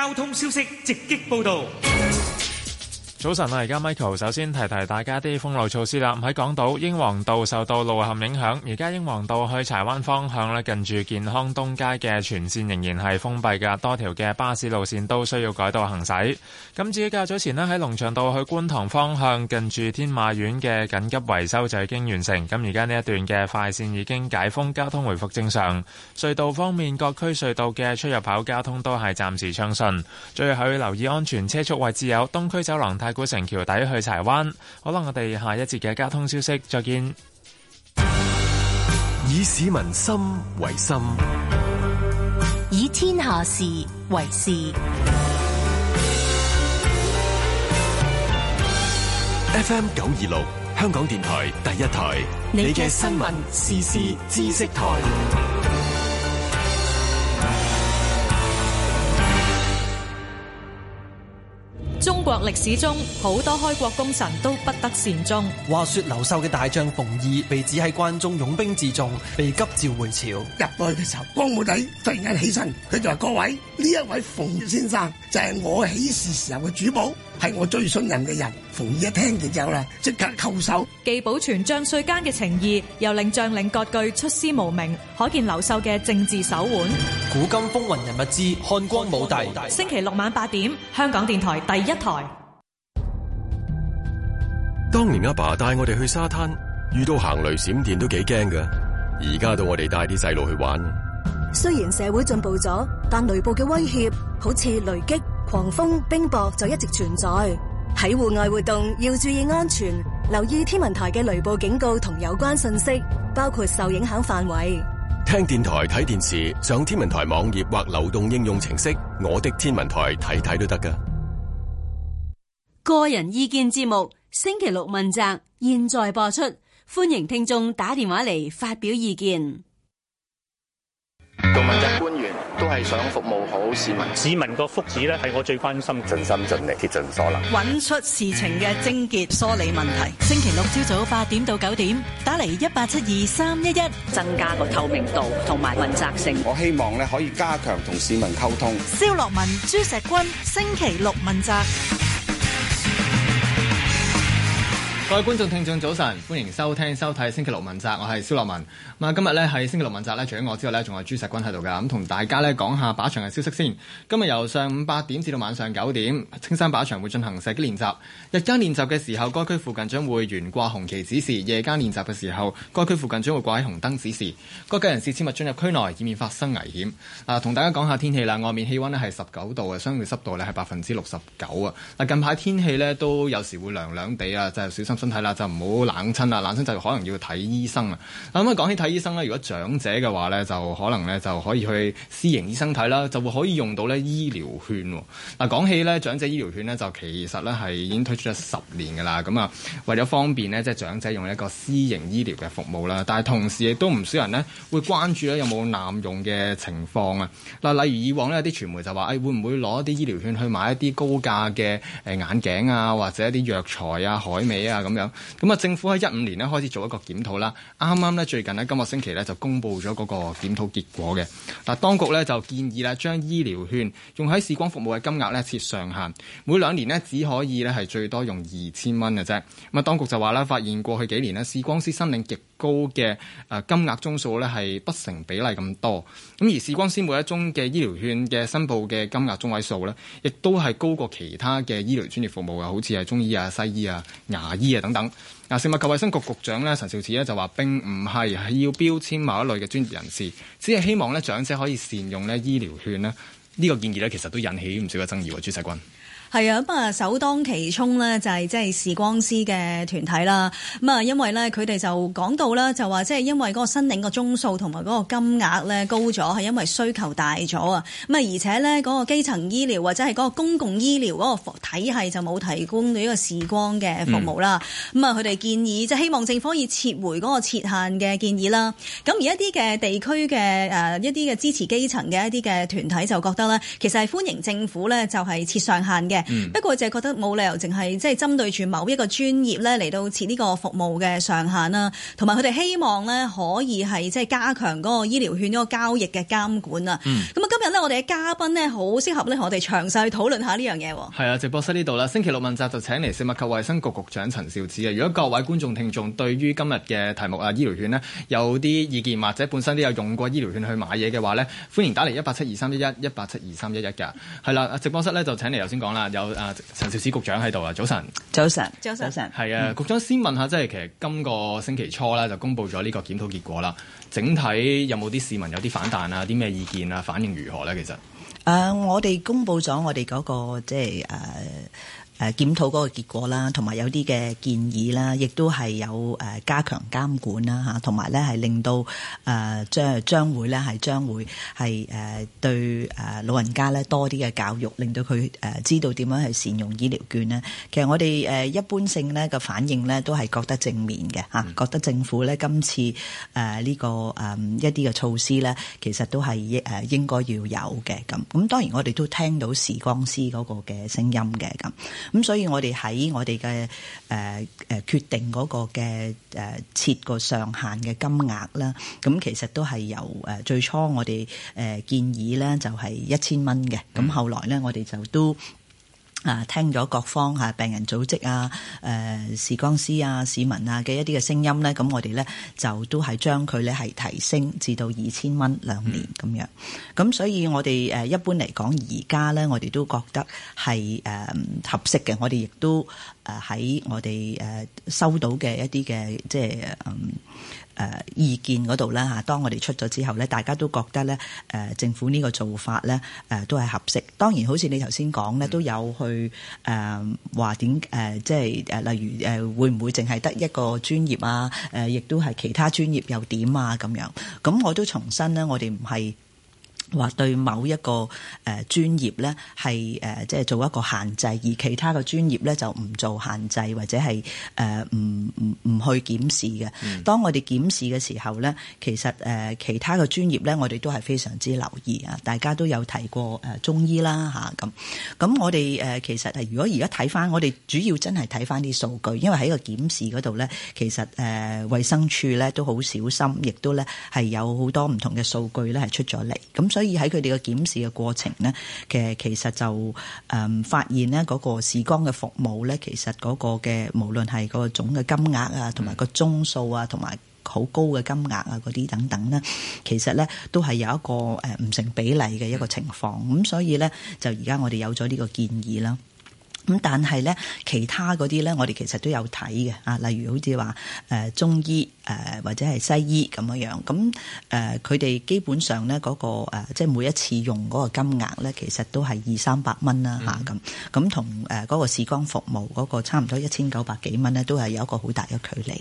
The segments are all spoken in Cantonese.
交通消息直擊報道。早晨啊！而家 Michael 首先提提大家啲封路措施啦。唔喺港島英皇道受到路陷影響，而家英皇道去柴灣方向咧，近住健康東街嘅全線仍然係封閉噶，多條嘅巴士路線都需要改道行駛。咁至於較早前咧，喺龍翔道去觀塘方向，近住天馬苑嘅緊急維修就已經完成。咁而家呢一段嘅快線已經解封，交通回復正常。隧道方面，各區隧道嘅出入口交通都係暫時暢順。最後要留意安全車速位置有東區走廊太。古城橋底去柴灣。好啦，我哋下一節嘅交通消息再見。以市民心為心，以天下事為事。FM 九二六，香港電台第一台，你嘅新聞時事知識台。中國歷史中好多開國功臣都不得善終。話說劉秀嘅大將馮異被指喺關中擁兵自重，被急召回朝。入去嘅時候，光武帝突然間起身，佢就話，各位呢，一位馮先生就係我起事時候嘅主簿，係我最信任嘅人。馮異一聽完之後咧，即刻叩首，既保存將帥間嘅情義，又令將領割據出師無名，可見劉秀嘅政治手腕。古今風雲人物之漢光武帝。星期六晚八點，香港電台第一台。當年阿爸帶我哋去沙灘，遇到行雷閃電都幾驚噶。而家到我哋帶啲細路去玩。雖然社會進步咗，但雷暴嘅威脅好似雷擊、狂風、冰雹就一直存在。喺戶外活動要注意安全，留意天文台嘅雷暴警告同有關信息，包括受影響範圍。聽電台、睇電視、上天文台網頁或流動應用程式《我的天文台》，睇睇都得噶。個人意見節目。星期六問責，現在播出，歡迎聽眾打電話嚟，發表意見。做問責官員都係想服務好市民，市民個福祉呢係我最關心，盡心盡力，竭盡所能，揾出事情嘅症結，梳理問題。星期六朝早八點到九點，打嚟一八七二三一一，1, 增加個透明度同埋問責性。我希望呢可以加強同市民溝通。蕭洛汶、朱錫君，星期六問責。各位觀眾、聽眾，早晨，歡迎收聽、收睇《星期六問責》，我係蕭洛汶。咁啊，今日呢，係星期六問責咧，除咗我之外咧，仲有朱錫君喺度噶。咁同大家呢講下靶場嘅消息先。今日由上午八點至到晚上九點，青山靶場會進行射擊練習。日間練習嘅時候，該區附近將會懸掛紅旗指示，夜間練習嘅時候，該區附近將會掛喺紅燈指示。各界人士切勿進入區內，以免發生危險。嗱、啊，同大家講下天氣啦，外面氣温咧係十九度啊，相對濕度咧係百分之六十九啊。嗱，近排天氣呢，都有時會涼涼地啊，就係小心。身體啦，就唔好冷親啦！冷親就可能要睇醫生啊。咁啊，講起睇醫生呢，如果長者嘅話呢，就可能呢就可以去私營醫生睇啦，就會可以用到呢醫療券。嗱，講起呢長者醫療券呢，就其實呢係已經推出咗十年㗎喇。咁啊，為咗方便呢，即係長者用一個私營醫療嘅服務啦。但係同時亦都唔少人呢會關注咧有冇濫用嘅情況啊。嗱，例如以往呢，啲傳媒就話，誒會唔會攞一啲醫療券去買一啲高價嘅誒眼鏡啊，或者一啲藥材啊、海味啊咁樣，咁啊，政府喺一五年咧開始做一個檢討啦。啱啱咧最近咧今個星期咧就公布咗嗰個檢討結果嘅。嗱，當局呢就建議咧將醫療券用喺視光服務嘅金額呢設上限，每兩年呢只可以呢係最多用二千蚊嘅啫。咁啊，當局就話呢，發現過去幾年呢視光師申領極高嘅誒金額宗數呢係不成比例咁多。咁而視光師每一宗嘅醫療券嘅申報嘅金額中位數呢，亦都係高過其他嘅醫療專業服務嘅，好似係中醫啊、西醫啊、牙醫。啊！等等，嗱，食物及衞生局局長呢陳肇始咧就話：並唔係係要標籤某一類嘅專業人士，只係希望呢長者可以善用呢醫療券呢，呢個建議呢其實都引起唔少嘅爭議喎，朱錫君。係啊，咁啊首當其衝咧就係即係時光師嘅團體啦。咁啊，因為咧佢哋就講到啦，就話即係因為嗰個申領個宗數同埋嗰個金額咧高咗，係因為需求大咗啊。咁啊，而且咧嗰、那個基層醫療或者係嗰個公共醫療嗰個體系就冇提供到呢個視光嘅服務啦。咁、嗯、啊，佢哋建議即係、就是、希望政府可以撤回嗰個設限嘅建議啦。咁而一啲嘅地區嘅誒、啊、一啲嘅支持基層嘅一啲嘅團體就覺得咧，其實係歡迎政府咧就係、是、設上限嘅。嗯、不過就係覺得冇理由淨係即係針對住某一個專業咧嚟到設呢個服務嘅上限啦，同埋佢哋希望咧可以係即係加強嗰個醫療券嗰個交易嘅監管啊。咁、嗯、啊，今日咧我哋嘅嘉賓呢，好適合咧同我哋詳細討論下呢樣嘢。係啊，直播室呢度啦，星期六問責就請嚟食物及衛生局局長陳肇始啊。如果各位觀眾聽眾對於今日嘅題目啊，醫療券呢，有啲意見，或者本身都有用過醫療券去買嘢嘅話呢，歡迎打嚟一八七二三一一一八七二三一一㗎。係啦，直播室呢，就請嚟頭先講啦。有啊，陳肇始局長喺度啊，早晨，早晨，早晨，是啊、早晨，係啊，局長先問下，即係其實今個星期初啦，就公布咗呢個檢討結果啦，整體有冇啲市民有啲反彈啊？啲咩意見啊？反應如何咧？其實，誒、uh, 那個，我哋公布咗我哋嗰個即係誒。Uh, 誒檢討嗰個結果啦，同埋有啲嘅建議啦，亦都係有誒加強監管啦嚇同埋咧係令到誒將將將會咧係將會係誒對誒老人家咧多啲嘅教育，令到佢誒知道點樣去善用醫療券呢。其實我哋誒一般性咧嘅反應咧都係覺得正面嘅嚇、嗯，覺得政府咧今次誒呢個誒一啲嘅措施咧，其實都係誒應該要有嘅咁。咁當然我哋都聽到視光師嗰個嘅聲音嘅咁。咁、嗯、所以我哋喺我哋嘅誒誒決定嗰個嘅誒設個上限嘅金額啦，咁其實都係由誒、呃、最初我哋誒建議咧就係一千蚊嘅，咁、嗯、後來咧我哋就都。啊，聽咗各方嚇病人組織啊、誒、呃、視光師啊、市民啊嘅一啲嘅聲音咧，咁我哋咧就都係將佢咧係提升至到二千蚊兩年咁、嗯、樣。咁所以我哋誒一般嚟講，而家咧我哋都覺得係誒、嗯、合適嘅。我哋亦都誒喺我哋誒收到嘅一啲嘅即係嗯。誒、呃、意見嗰度啦嚇，當我哋出咗之後咧，大家都覺得咧、呃、政府呢個做法咧、呃、都係合適。當然，好似你頭先講咧，都有去誒話點即係例如誒、呃、會唔會淨係得一個專業啊？亦、呃、都係其他專業又點啊？咁樣，咁我都重申咧，我哋唔係。話對某一個誒專業咧係誒即係做一個限制，而其他嘅專業咧就唔做限制，或者係誒唔唔唔去檢視嘅、嗯。當我哋檢視嘅時候咧，其實誒其他嘅專業咧，我哋都係非常之留意啊！大家都有提過誒中醫啦嚇咁。咁、啊、我哋誒其實係如果而家睇翻，我哋主要真係睇翻啲數據，因為喺個檢視嗰度咧，其實誒、呃、衛生署咧都好小心，亦都咧係有好多唔同嘅數據咧係出咗嚟。咁所所以喺佢哋嘅檢視嘅過程咧，嘅其實就誒發現咧嗰個視光嘅服務咧，其實嗰、那個嘅無論係嗰個總嘅金額啊，同埋個宗數啊，同埋好高嘅金額啊嗰啲等等咧，其實咧都係有一個誒唔成比例嘅一個情況。咁所以咧，就而家我哋有咗呢個建議啦。咁但係咧，其他嗰啲咧，我哋其實都有睇嘅啊，例如好似話誒中醫。誒或者係西醫咁樣樣，咁誒佢哋基本上咧嗰個即係每一次用嗰個金額咧，其實都係二三百蚊啦嚇咁，咁同誒嗰個視光服務嗰個差唔多一千九百幾蚊咧，都係有一個好大嘅距離。誒、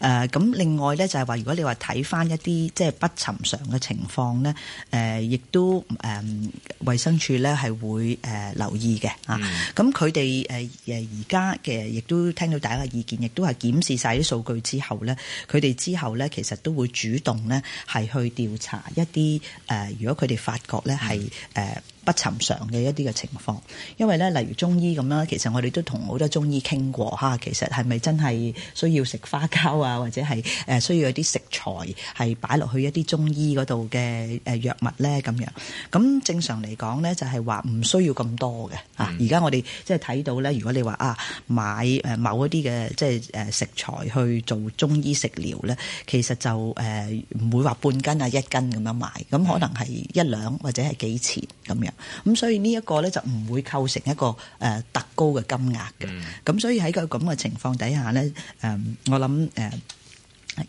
mm-hmm. 咁另外咧就係話，如果你話睇翻一啲即係不尋常嘅情況咧，亦都誒衛生署咧係會留意嘅啊。咁佢哋而家嘅亦都聽到大家嘅意見，亦都係檢視晒啲數據之後咧。佢哋之後咧，其實都會主動咧，係去調查一啲誒，如果佢哋發覺咧，係、嗯、誒、呃不尋常嘅一啲嘅情況，因為咧，例如中醫咁樣，其實我哋都同好多中醫傾過嚇、啊，其實係咪真係需要食花膠啊，或者係誒需要一啲食材係擺落去一啲中醫嗰度嘅誒藥物咧咁樣，咁正常嚟講咧，就係話唔需要咁多嘅啊！而家我哋即係睇到咧，如果你話啊買誒某一啲嘅即係誒食材去做中醫食療咧，其實就誒唔、啊、會話半斤啊一斤咁樣買，咁可能係一兩或者係幾錢咁樣。咁所以呢一個咧就唔會構成一個誒特高嘅金額嘅，咁、嗯、所以喺個咁嘅情況底下咧，誒我諗誒。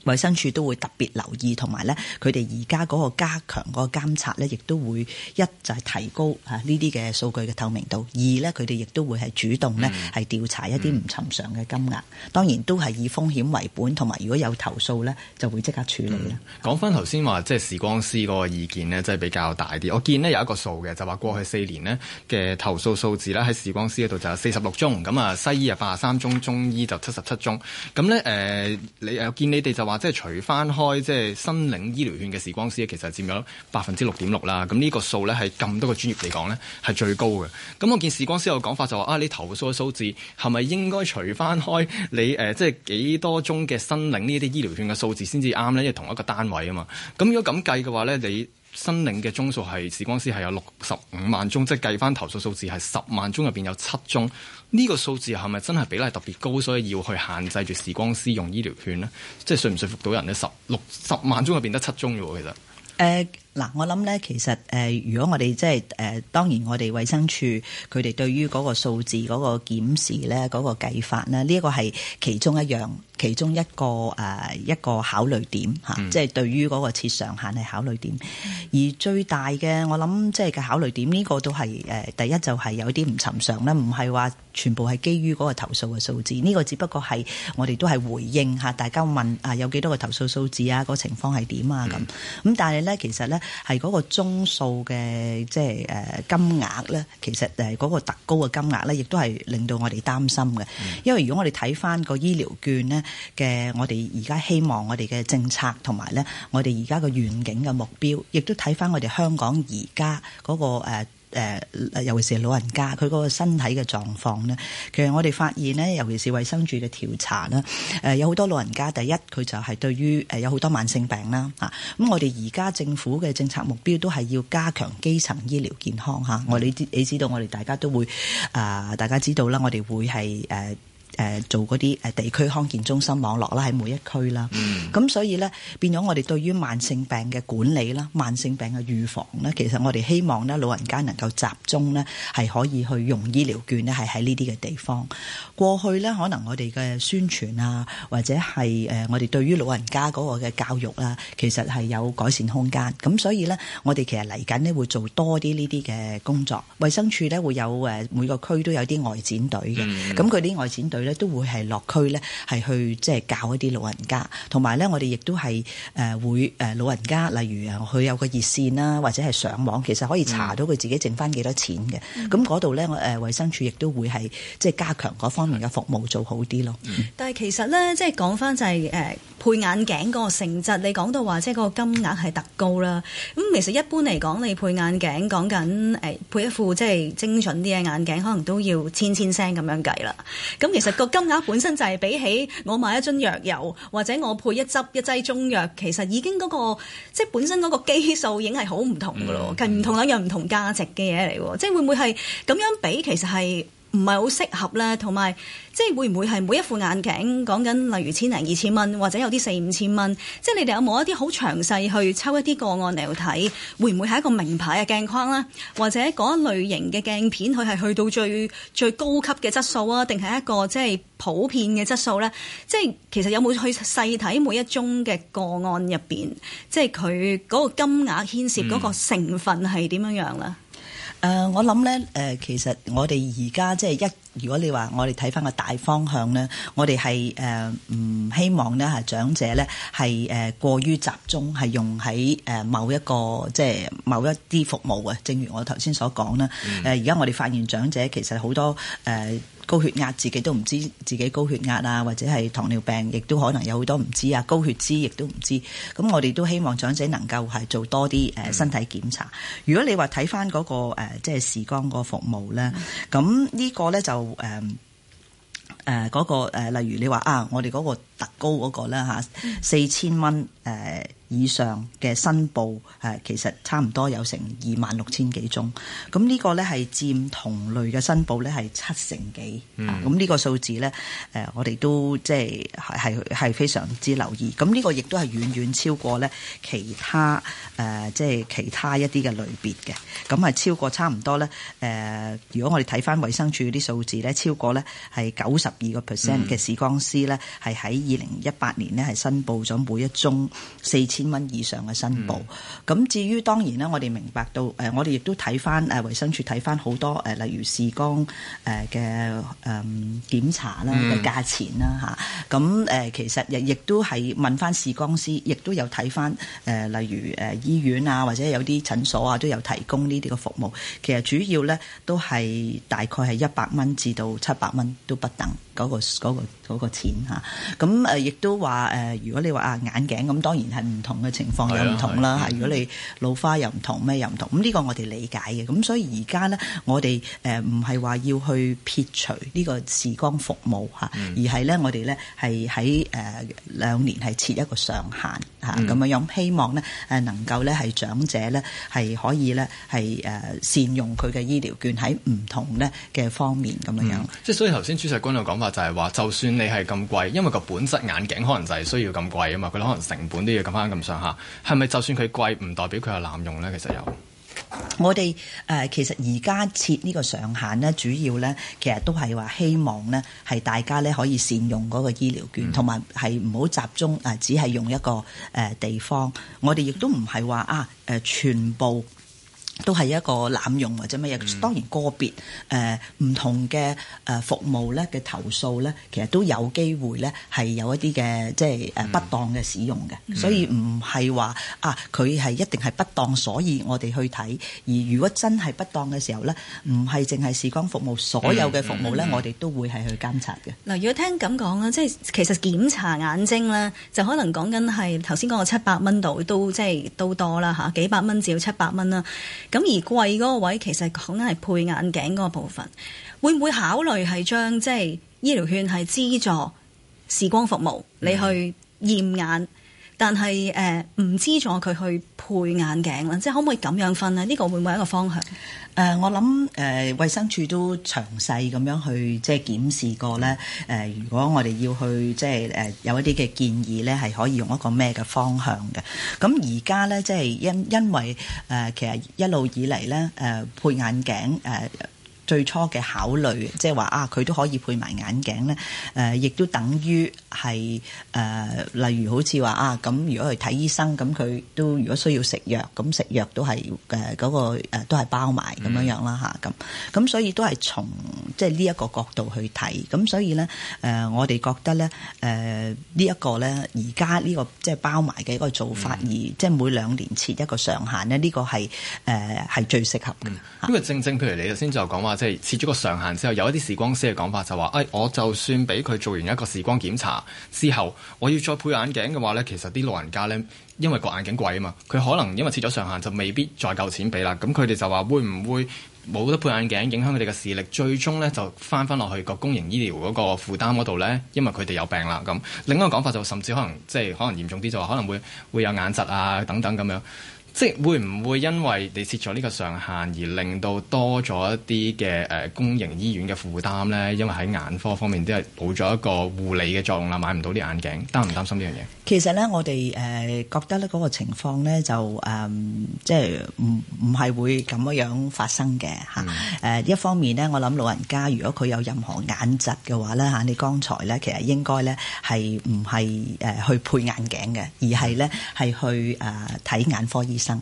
衛生署都會特別留意，同埋咧佢哋而家嗰個加強嗰個監察咧，亦都會一就係、是、提高呢啲嘅數據嘅透明度；二咧，佢哋亦都會係主動咧係調查一啲唔尋常嘅金額、嗯嗯。當然都係以風險為本，同埋如果有投訴咧，就會即刻處理啦。講翻頭先話，即係時光師嗰個意見呢，即係比較大啲。我見呢有一個數嘅，就話、是、過去四年呢嘅投訴數字呢，喺時光師嗰度就係四十六宗。咁啊，西醫啊八十三宗，中醫就七十七宗。咁咧你有見你哋？就話即係除翻開即係新領醫療券嘅視光師，其實佔咗百分之六點六啦。咁呢個數咧係咁多個專業嚟講咧係最高嘅。咁我見視光師有個講法就話啊，你投訴嘅數字係咪應該除翻開你誒即係幾多宗嘅新領呢啲醫療券嘅數字先至啱咧？因為同一個單位啊嘛。咁如果咁計嘅話咧，你。申領嘅宗數係視光師係有六十五萬宗，即係計返投訴數字係十萬宗入邊有七宗，呢個數字係咪真係比例特別高？所以要去限制住視光師用醫療券呢？即係説唔説服到人呢？十六十萬宗入邊得七宗嘅喎、呃，其實。誒嗱，我諗咧，其實誒，如果我哋即係誒，當然我哋衛生署佢哋對於嗰個數字、嗰個檢視咧、嗰個計法呢，呢一個係其中一樣。其中一個誒、呃、一個考慮點嚇，即、嗯、係、就是、對於嗰個設上限嘅考慮點。而最大嘅我諗，即係嘅考慮點呢個都係誒、呃、第一就係有啲唔尋常啦，唔係話全部係基於嗰個投訴嘅數字。呢、這個只不過係我哋都係回應下大家問啊有幾多個投訴數字啊個情況係點啊咁。咁但係咧其實咧係嗰個中數嘅即係誒金額咧，其實誒嗰個、呃、個特高嘅金額咧，亦都係令到我哋擔心嘅。因為如果我哋睇翻個醫療券咧。嘅，我哋而家希望我哋嘅政策同埋咧，我哋而家嘅願景嘅目標亦都睇翻我哋香港而家嗰個誒誒，尤其是老人家佢嗰個身體嘅狀況咧。其實我哋發現呢，尤其是衛生署嘅調查啦，誒有好多老人家，第一佢就係對於誒有好多慢性病啦嚇。咁我哋而家政府嘅政策目標都係要加強基層醫療健康吓，我哋你知道，我哋大家都會啊，大家知道啦，我哋會係誒。誒做嗰啲誒地區康健中心網絡啦，喺每一區啦，咁、mm. 所以咧變咗我哋對於慢性病嘅管理啦、慢性病嘅預防啦，其實我哋希望咧老人家能夠集中咧，係可以去用醫療券咧，係喺呢啲嘅地方。過去咧可能我哋嘅宣傳啊，或者係誒我哋對於老人家嗰個嘅教育啦，其實係有改善空間，咁所以咧，我哋其實嚟緊咧會做多啲呢啲嘅工作。衛生署咧會有誒每個區都有啲外展隊嘅，咁佢啲外展隊。Mm. 都會係落區咧，係去即係教一啲老人家，同埋咧我哋亦都係誒會誒老人家，例如啊，佢有個熱線啦，或者係上網，其實可以查到佢自己剩翻幾多錢嘅。咁嗰度咧，我誒衛生署亦都會係即係加強嗰方面嘅服務，做好啲咯。嗯、但係其實咧，即係講翻就係誒配眼鏡嗰個性質，你講到話即係嗰個金額係特高啦。咁其實一般嚟講，你配眼鏡講緊誒配一副即係精準啲嘅眼鏡，可能都要千千聲咁樣計啦。咁其實、嗯個金額本身就係比起我買一樽藥油，或者我配一執一劑中藥，其實已經嗰、嗰個即係本身嗰個基數已經係好唔同嘅咯，係、嗯、唔同兩樣唔同價值嘅嘢嚟喎，即係會唔會係咁樣比其實係？唔係好適合咧，同埋即係會唔會係每一副眼鏡講緊，例如千零二千蚊，或者有啲四五千蚊，即係你哋有冇一啲好詳細去抽一啲個案嚟睇，會唔會係一個名牌嘅鏡框咧，或者嗰一類型嘅鏡片佢係去到最最高級嘅質素啊，定係一個即係普遍嘅質素咧？即係其實有冇去細睇每一宗嘅個案入面？即係佢嗰個金額牽涉嗰個成分係點樣樣咧？嗯誒、uh，我諗咧，誒，其實我哋而家即係一，如果你話我哋睇翻個大方向咧，我哋係誒唔希望咧係、啊、長者咧係誒過於集中係用喺、呃、某一個即係某一啲服務嘅，正如我頭先所講啦。而、mm. 家、呃、我哋發現長者其實好多誒。呃高血壓自己都唔知自己高血壓啊，或者係糖尿病，亦都可能有好多唔知啊，高血脂亦都唔知。咁我哋都希望長者能夠係做多啲身體檢查。嗯、如果你話睇翻嗰個、呃、即係時光個服務咧，咁呢、呃嗰個咧就嗰個例如你話啊，我哋嗰、嗰個。高嗰個咧嚇四千蚊誒以上嘅申報誒其實差唔多有成二萬六千幾宗，咁呢個咧係佔同類嘅申報咧係七成幾，咁、嗯、呢個數字咧誒我哋都即係係係非常之留意，咁呢個亦都係遠遠超過咧其他誒即係其他一啲嘅類別嘅，咁係超過差唔多咧誒、呃、如果我哋睇翻衛生署啲數字咧，超過咧係九十二個 percent 嘅視光師咧係喺二零一八年呢，係申報咗每一宗四千蚊以上嘅申報。咁、嗯、至於當然啦，我哋明白到，誒我哋亦都睇翻誒衞生署睇翻好多誒，例如視光誒嘅誒檢查啦嘅價錢啦吓。咁誒其實亦亦都係問翻視光師，亦都有睇翻誒，例如誒醫院啊，或者有啲診所啊，都有提供呢啲嘅服務。其實主要咧都係大概係一百蚊至到七百蚊都不等。嗰個、嗰個嗰個嗰個錢，咁亦都話如果你話啊眼鏡，咁，當然係唔同嘅情況又唔同啦，如果你老花又唔同咩又唔同，咁呢個我哋理解嘅。咁所以而家咧，我哋誒唔係話要去撇除呢個視光服務吓、嗯、而係咧我哋咧係喺誒兩年係設一個上限。嚇，咁樣樣，希望咧誒能夠咧係長者咧係可以咧係誒善用佢嘅醫療券喺唔同咧嘅方面咁樣。即、嗯、係所以頭先朱錫君嘅講法就係話，就算你係咁貴，因為個本質眼鏡可能就係需要咁貴啊嘛，佢可能成本都要咁翻咁上下。係咪就算佢貴，唔代表佢係濫用咧？其實有。我哋誒其實而家設呢個上限咧，主要咧其實都係話希望咧係大家咧可以善用嗰個醫療券，同埋係唔好集中誒只係用一個誒地方。我哋亦都唔係話啊誒全部。都係一個濫用或者乜嘢？當然個別誒唔、呃、同嘅誒服務咧嘅投訴咧，其實都有機會咧係有一啲嘅即係誒不當嘅使用嘅、嗯，所以唔係話啊佢係一定係不當，所以我哋去睇。而如果真係不當嘅時候咧，唔係淨係視光服務，所有嘅服務咧，我哋都會係去監察嘅。嗱、嗯嗯嗯，如果聽咁講啊，即係其實檢查眼睛咧，就可能講緊係頭先講嘅七百蚊度都即係都多啦嚇，幾百蚊至到七百蚊啦。咁而貴 𠮶 個位其實講緊係配眼鏡 𠮶 個部分會唔會考慮係將即係醫療券係資助視光服務，你去驗眼？但係誒唔資助佢去配眼鏡啦，即係可唔可以咁樣分咧？呢、這個會唔會係一個方向？誒、呃，我諗誒、呃，衛生署都詳細咁樣去即係檢視過咧。誒、呃，如果我哋要去即係誒有一啲嘅建議咧，係可以用一個咩嘅方向嘅？咁而家咧，即係因因為誒、呃，其實一路以嚟咧誒，配眼鏡誒。呃最初嘅考慮，即係話啊，佢都可以配埋眼鏡咧。誒、呃，亦都等於係誒、呃，例如好似話啊，咁如果去睇醫生，咁佢都如果需要食藥，咁食藥都係誒嗰個、呃、都係包埋咁、嗯、樣樣啦吓，咁咁所以都係從即係呢一個角度去睇。咁所以咧誒、呃，我哋覺得咧誒呢一、呃這個咧而家呢、這個即係包埋嘅一個做法，嗯、而即係每兩年設一個上限咧，呢、這個係誒係最適合嘅。因、嗯、為、這個、正正，譬如你頭先就講話。即係設咗個上限之後，有一啲視光師嘅講法就話，誒、哎、我就算俾佢做完一個視光檢查之後，我要再配眼鏡嘅話呢，其實啲老人家呢，因為個眼鏡貴啊嘛，佢可能因為切咗上限就未必再夠錢俾啦。咁佢哋就話會唔會冇得配眼鏡，影響佢哋嘅視力？最終呢，就翻翻落去個公營醫療嗰個負擔嗰度呢，因為佢哋有病啦。咁另一個講法就甚至可能即係可能嚴重啲，就話可能會會有眼疾啊等等咁樣。即係會唔會因為你設咗呢個上限而令到多咗一啲嘅，誒、公營醫院嘅負擔咧？因為喺眼科方面都係冇咗一個護理嘅作用啦，買唔到啲眼鏡，擔唔擔心呢樣嘢？其實咧，我哋誒、覺得咧嗰個情況咧就誒、即係唔唔係會咁樣樣發生嘅。吓、誒、一方面咧，我諗老人家如果佢有任何眼疾嘅話咧吓，你剛才咧其實應該咧係唔係誒、去配眼鏡嘅，而係咧係去誒睇眼科醫生。生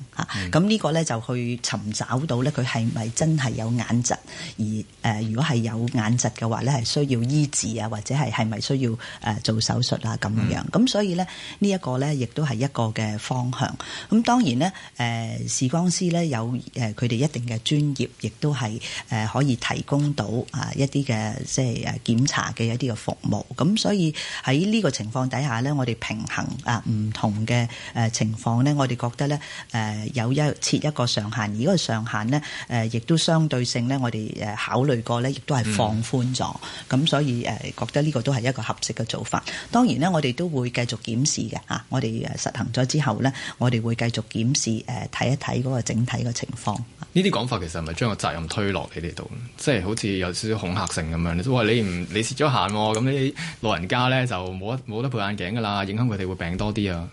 咁呢個咧就去尋找到咧，佢係咪真係有眼疾？而誒，如果係有眼疾嘅話咧，係需要醫治啊，或者係係咪需要誒做手術啊咁樣？咁、嗯、所以咧，呢、這個、一個咧，亦都係一個嘅方向。咁當然呢，誒視光師咧有佢哋一定嘅專業，亦都係可以提供到啊一啲嘅即係誒檢查嘅一啲嘅服務。咁所以喺呢個情況底下咧，我哋平衡啊唔同嘅誒情況咧，我哋覺得咧。誒、呃、有一設一個上限，而個上限呢，誒、呃，亦都相對性呢。我哋考慮過呢，亦都係放寬咗。咁、嗯、所以誒、呃，覺得呢個都係一個合適嘅做法。當然呢，我哋都會繼續檢視嘅、啊、我哋實行咗之後呢，我哋會繼續檢視誒，睇、啊、一睇嗰個整體嘅情況。呢啲講法其實係咪將個責任推落你哋度？即、就、係、是、好似有少少恐嚇性咁樣咧？話你唔你，你設咗限喎、啊，咁你老人家呢，就冇得冇得配眼鏡㗎啦，影響佢哋會病多啲啊！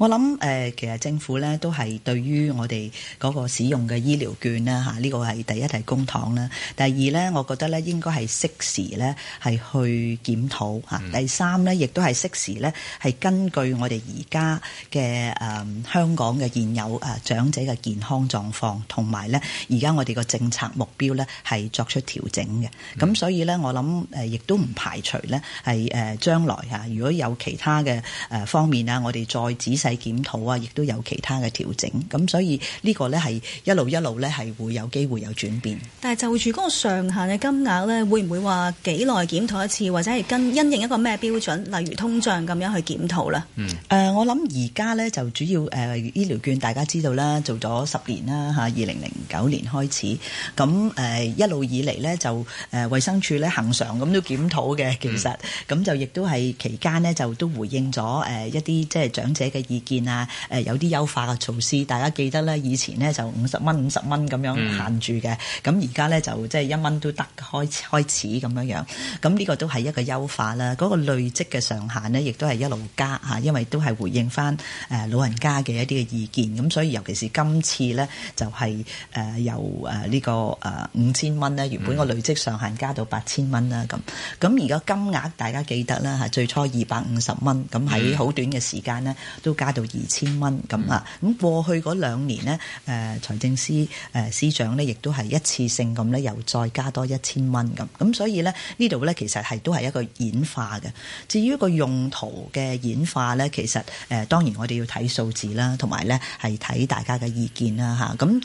我諗誒、呃，其實政府咧都係對於我哋嗰個使用嘅醫療券啦呢、啊呢個係第一係公帑啦。第二咧，我覺得咧應該係適時咧係去檢討、啊、第三咧，亦都係適時咧係根據我哋而家嘅誒香港嘅現有誒、啊、長者嘅健康狀況同埋咧而家我哋個政策目標咧係作出調整嘅。咁、嗯、所以咧，我諗亦、呃、都唔排除咧係誒將來如果有其他嘅、呃、方面啊，我哋再仔細。檢討啊，亦都有其他嘅調整，咁所以呢個呢係一路一路呢係會有機會有轉變。但係就住嗰個上限嘅金額呢，會唔會話幾耐檢討一次，或者係跟因應一個咩標準，例如通脹咁樣去檢討呢？嗯，誒、呃，我諗而家呢就主要誒、呃、醫療券，大家知道啦，做咗十年啦吓，二零零九年開始，咁、呃、誒一路以嚟呢，就誒衛生署呢恆常咁都檢討嘅，其實咁就亦都係期間呢，就都回應咗誒一啲即係長者嘅意見。意見啊，誒有啲優化嘅措施，大家記得咧。以前咧就五十蚊五十蚊咁樣限住嘅，咁而家咧就即係一蚊都得開開始咁樣樣。咁呢個都係一個優化啦。嗰、嗰個累積嘅上限呢，亦都係一路加嚇，因為都係回應翻誒老人家嘅一啲嘅意見。咁所以尤其是今次咧，就係誒由誒呢個誒五千蚊咧，原本個累積上限加到八千蚊啦。咁咁而家金額大家記得啦嚇，最初二百五十蚊，咁喺好短嘅時間咧、嗯、都。加到二千蚊咁啊！咁過去嗰兩年呢，誒財政司誒司長呢亦都係一次性咁咧，又再加多一千蚊咁。咁所以咧，呢度咧其實係都係一個演化嘅。至於個用途嘅演化咧，其實誒當然我哋要睇數字啦，同埋咧係睇大家嘅意見啦。吓，咁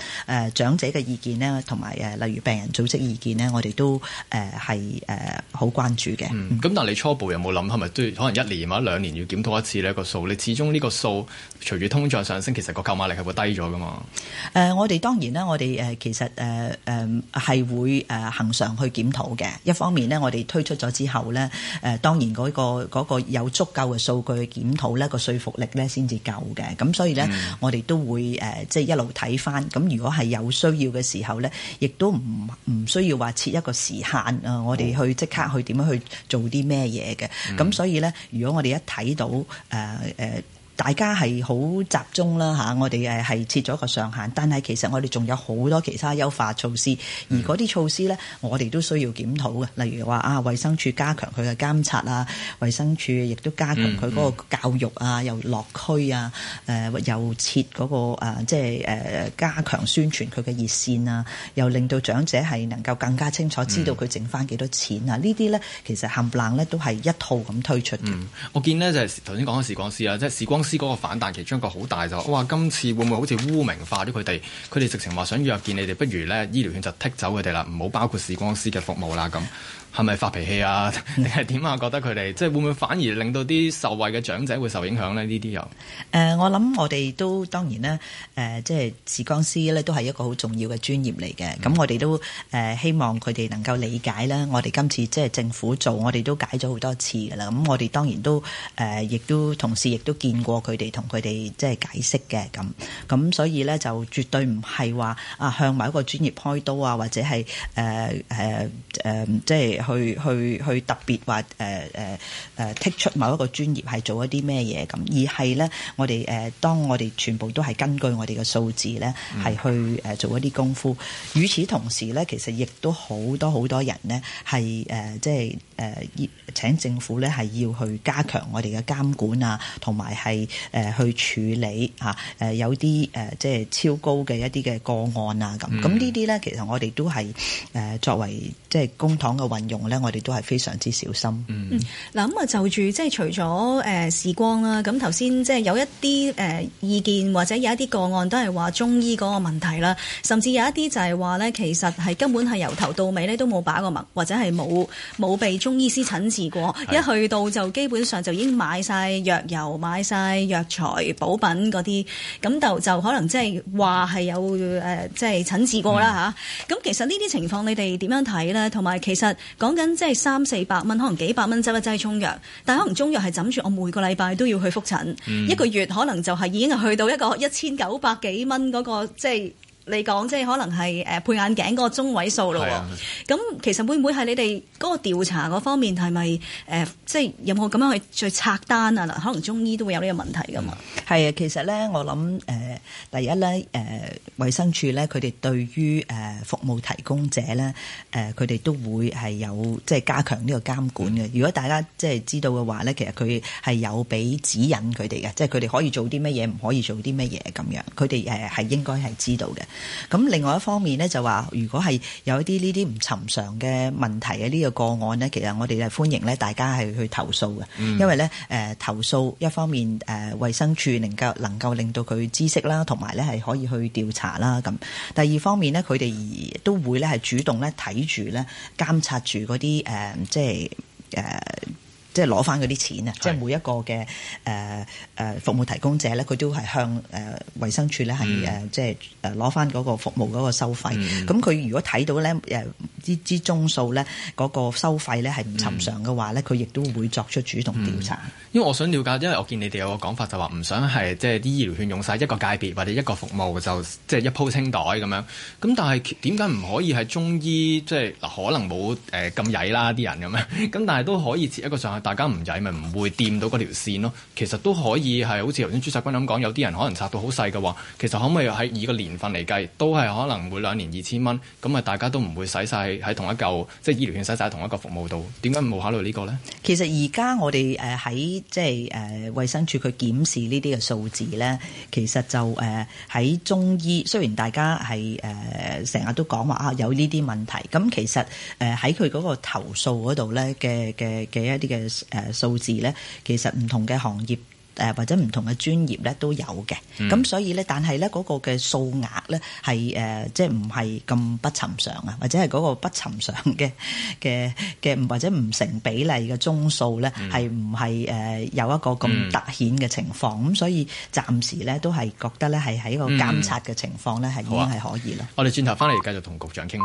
誒長者嘅意見咧，同埋誒例如病人組織意見咧，我哋都誒係誒好關注嘅。咁、嗯、但係你初步有冇諗？係咪都可能一年或者兩年要檢討一次呢個數？你始終呢個。到隨住通脹上升，其實個購買力係會低咗㗎嘛、呃？誒，我哋當然啦，我哋誒其實誒誒係會誒恆、呃、常去檢討嘅。一方面呢，我哋推出咗之後呢，誒、呃、當然嗰、嗰個嗰個有足夠嘅數據去檢討呢、嗰個說服力呢，先至夠嘅。咁所以呢，嗯、我哋都會誒、呃、即係一路睇返。咁如果係有需要嘅時候呢，亦都唔唔需要話設一個時限啊！我哋去即刻去點樣去做啲咩嘢嘅。咁、嗯、所以呢，如果我哋一睇到誒誒，呃呃大家係好集中啦吓，我哋誒係設咗個上限，但係其實我哋仲有好多其他優化措施，而嗰啲措施咧，我哋都需要檢討嘅。例如話啊，衛生署加強佢嘅監察啊，衛生署亦都加強佢嗰個教育啊，又落區啊，又設嗰、嗰個即係誒加強宣傳佢嘅熱線啊，又令到長者係能夠更加清楚知道佢剩翻幾多錢啊。呢啲咧其實冚唪唥咧都係一套咁推出嘅、嗯。我見呢就係頭先講嘅視光師啊，即係視光。司、那、嗰個反彈，其中一個好大就，哇，今次會唔會好似污名化咗佢哋？佢哋直情話想約見你哋，不如呢醫療券就剔走佢哋啦，唔好包括視光師嘅服務啦咁。係咪發脾氣啊？定係點啊？覺得佢哋即係會唔會反而令到啲受惠嘅長者會受影響咧？呢啲又誒，我諗我哋都當然啦，誒、呃，即係治光師咧，都係一個好重要嘅專業嚟嘅。咁、嗯、我哋都誒、呃、希望佢哋能夠理解啦。我哋今次即係政府做，我哋都解咗好多次噶啦。咁我哋當然都誒，亦、呃、都同時亦都見過佢哋同佢哋即係解釋嘅咁。咁所以咧就絕對唔係話啊向某一個專業開刀啊，或者係誒誒誒即係。去去去特別話誒誒誒剔出某一個專業係做一啲咩嘢，咁，而係咧我哋誒、呃、當我哋全部都係根據我哋嘅數字咧，係去誒、呃嗯、做一啲功夫。與此同時咧，其實亦都好多好多人咧係誒即係誒請政府咧係要去加強我哋嘅監管啊，同埋係誒去處理吓、啊、誒、呃、有啲誒、呃、即係超高嘅一啲嘅個案啊咁。咁、嗯、呢啲咧其實我哋都係誒、呃、作為即係公帑嘅運用。咧，我哋都係非常之小心、嗯。嗯，嗱，咁、呃、啊，就住即係除咗誒視光啦，咁頭先即係有一啲誒、呃、意見，或者有一啲個案都係話中醫嗰個問題啦，甚至有一啲就係話咧，其實係根本係由頭到尾咧都冇把個脈，或者係冇冇被中醫師診治過，一去到就基本上就已經買晒藥油、買晒藥材、補品嗰啲，咁就就可能即係話係有誒、呃，即係診治過啦吓，咁、嗯啊、其實呢啲情況你哋點樣睇咧？同埋其實。講緊即係三四百蚊，可能幾百蚊劑一劑中藥，但係可能中藥係枕住我每個禮拜都要去覆診，嗯、一個月可能就係已經係去到一個一千九百幾蚊嗰個即係。就是你講即係可能係誒配眼鏡嗰個中位數咯喎，咁其實會唔會係你哋嗰個調查嗰方面係咪誒即係有冇咁樣去再拆單啊？嗱，可能中醫都會有呢個問題噶嘛。係啊，其實咧我諗誒、呃、第一咧誒、呃，衛生署咧佢哋對於誒、呃、服務提供者咧誒，佢、呃、哋都會係有即係、就是、加強呢個監管嘅。如果大家即係知道嘅話咧，其實佢係有俾指引佢哋嘅，即係佢哋可以做啲乜嘢，唔可以做啲乜嘢咁樣。佢哋誒係應該係知道嘅。咁另外一方面咧，就話如果係有一啲呢啲唔尋常嘅問題嘅呢個個案咧，其實我哋係歡迎咧，大家係去投訴嘅。嗯，因為咧誒投訴一方面誒衛生署能夠能夠令到佢知悉啦，同埋咧係可以去調查啦。咁第二方面咧，佢哋都會咧係主動咧睇住咧監察住嗰啲誒即係誒。呃即係攞翻嗰啲錢啊！即係每一個嘅、呃、服務提供者咧，佢都係向誒、呃、衛生署咧係即係攞翻嗰個服務嗰個收費。咁、嗯、佢如果睇到咧誒啲啲宗數咧嗰、嗰個收費咧係唔尋常嘅話咧，佢、嗯、亦都會作出主動調查、嗯。因為我想了解，因為我見你哋有個講法就話唔想係即係啲醫療券用晒一個界別或者一個服務就即係、就係、一鋪清袋咁樣。咁但係點解唔可以係中醫即係嗱可能冇誒咁曳啦啲人咁樣？咁但係都可以設一個上限。大家唔曳咪唔會掂到嗰條線咯。其實都可以係好似頭先朱錫君咁講，有啲人可能拆到好細嘅話，其實可唔可以喺以個年份嚟計都係可能每兩年二千蚊咁啊！大家都唔會使晒喺同一舊即係醫療券使晒同一個服務度。點解冇考慮呢個咧？其實而家我哋誒喺即係誒衛生署佢檢視這些呢啲嘅數字咧，其實就誒喺、呃、中醫，雖然大家係誒成日都講話啊有呢啲問題，咁其實誒喺佢嗰個投訴嗰度咧嘅嘅嘅一啲嘅。誒，數字咧，其實唔同嘅行業誒，或者唔同嘅專業咧都有嘅。咁、嗯、所以咧，但係咧嗰個嘅數額咧係誒，即係唔係咁不尋常啊，或者係嗰個不尋常嘅嘅嘅，或者唔成比例嘅宗數咧，係唔係誒有一個咁凸顯嘅情況？咁、嗯、所以暫時咧都係覺得咧係喺個監察嘅情況咧係已經係可以啦、啊。我哋轉頭翻嚟繼續同局長傾。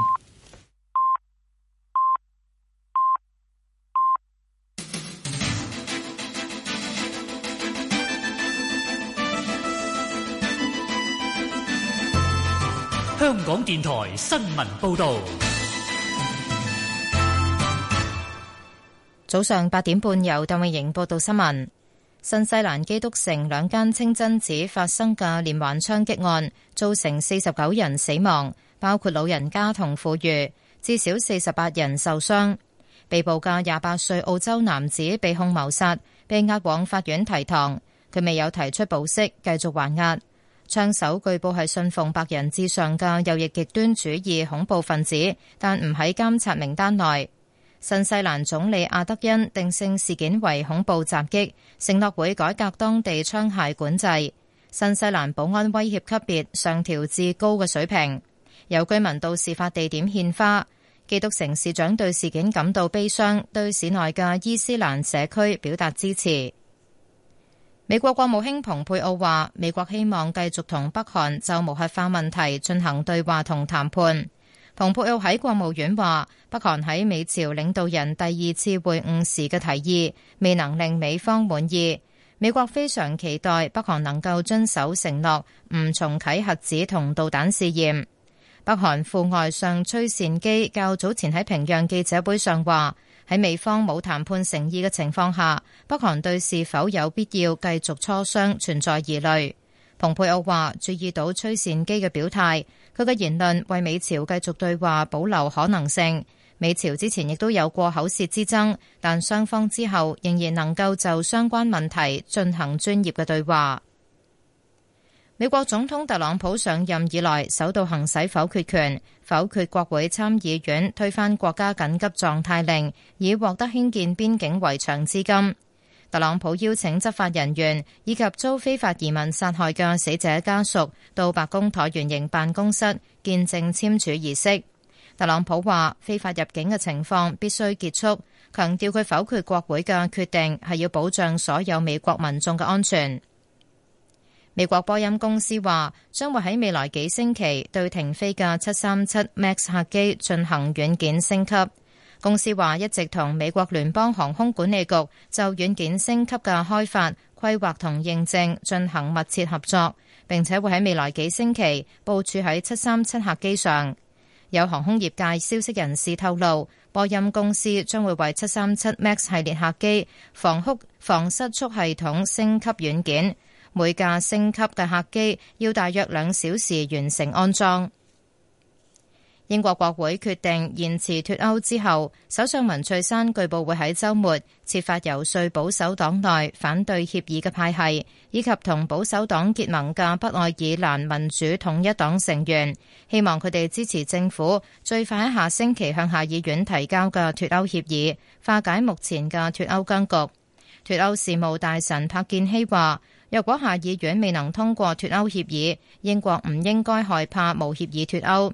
香港電台新聞報道，早上八點半由鄧慧瑩報道新聞：新西蘭基督城兩間清真寺發生嘅連環槍擊案，造成四十九人死亡，包括老人家同婦孺，至少四十八人受傷。被捕嘅廿八歲澳洲男子被控謀殺，被押往法院提堂，佢未有提出保釋，繼續還押。槍手據報係信奉白人至上嘅右翼極端主義恐怖分子，但唔喺監察名單內。新西蘭總理阿德恩定性事件為恐怖襲擊，承諾會改革當地槍械管制。新西蘭保安威脅級別上調至高嘅水平，有居民到事發地點獻花。基督城市長對事件感到悲傷，對市內嘅伊斯蘭社區表達支持。美國國務卿蓬佩奧話：美國希望繼續同北韓就無核化問題進行對話同談判。蓬佩奧喺國務院話：北韓喺美朝領導人第二次會晤時嘅提議未能令美方滿意。美國非常期待北韓能夠遵守承諾，唔重啟核子同導彈試驗。北韓副外相崔善基較早前喺平壤記者會上話。喺美方冇談判誠意嘅情況下，北韓對是否有必要繼續磋商存在疑慮。蓬佩奧話：注意到崔善基嘅表態，佢嘅言論為美朝繼續對話保留可能性。美朝之前亦都有過口舌之爭，但雙方之後仍然能夠就相關問題進行專業嘅對話。美國總統特朗普上任以來首度行使否決權。否決國會參議院推翻國家緊急狀態令，以獲得興建邊境圍牆資金。特朗普邀請執法人員以及遭非法移民殺害嘅死者家屬到白宮橢圓形辦公室見證簽署儀式。特朗普話：非法入境嘅情況必須結束，強調佢否決國會嘅決定係要保障所有美國民眾嘅安全。美國波音公司話，將會喺未來幾星期對停飛嘅七三七 Max 客機進行軟件升級。公司話一直同美國聯邦航空管理局就軟件升級嘅開發、規劃同認證進行密切合作，並且會喺未來幾星期部署喺七三七客機上。有航空業界消息人士透露，波音公司將會為七三七 Max 系列客機防哭防失速系統升級軟件。每架升級嘅客機要大約兩小時完成安裝。英國國會決定延遲脫歐之後，首相文翠珊據報會喺週末設法遊說保守黨內反對協議嘅派系，以及同保守黨結盟嘅北愛爾蘭民主統一黨成員，希望佢哋支持政府最快喺下星期向下議院提交嘅脫歐協議，化解目前嘅脫歐僵局。脫歐事務大臣柏建希話若果下議院未能通過脱歐協議，英國唔應該害怕無協議脱歐。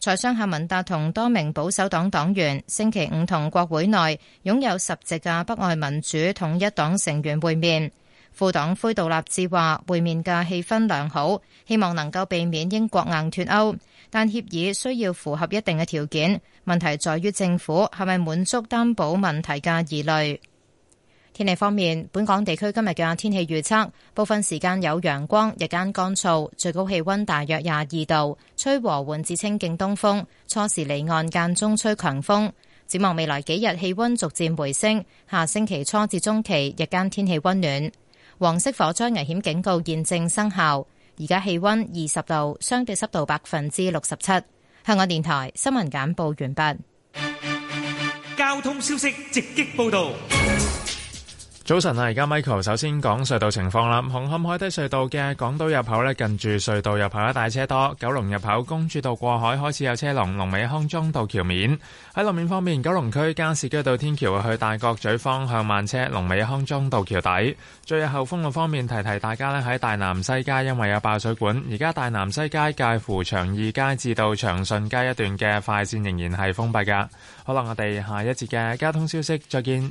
財相夏文達同多名保守黨黨員星期五同國會內擁有十席嘅北愛民主統一黨成員會面。副黨魁杜立志話：會面嘅氣氛良好，希望能夠避免英國硬脱歐，但協議需要符合一定嘅條件。問題在於政府係咪滿足擔保問題嘅疑慮？天氣方面，本港地區今日嘅天氣預測，部分時間有陽光，日間乾燥，最高氣溫大約廿二度，吹和緩至清勁東風，初時離岸間中吹強風。展望未來幾日氣溫逐漸回升，下星期初至中期日間天氣溫暖。黃色火災危險警告現正生效，而家氣溫二十度，相對濕度百分之六十七。香港電台新聞簡報完畢。交通消息直擊報道。早晨啊！而家 Michael 首先講隧道情況啦。紅磡海底隧道嘅港島入口呢，近住隧道入口一帶車多；九龍入口公主道過海開始有車龍，龍尾康莊道橋面。喺路面方面，九龍區加士居道天橋去大角咀方向慢車，龍尾康莊道橋底。最後封路方面，提提大家呢，喺大南西街，因為有爆水管，而家大南西街介乎長義街至到長順街一段嘅快線仍然係封閉噶。好啦，我哋下一節嘅交通消息再見。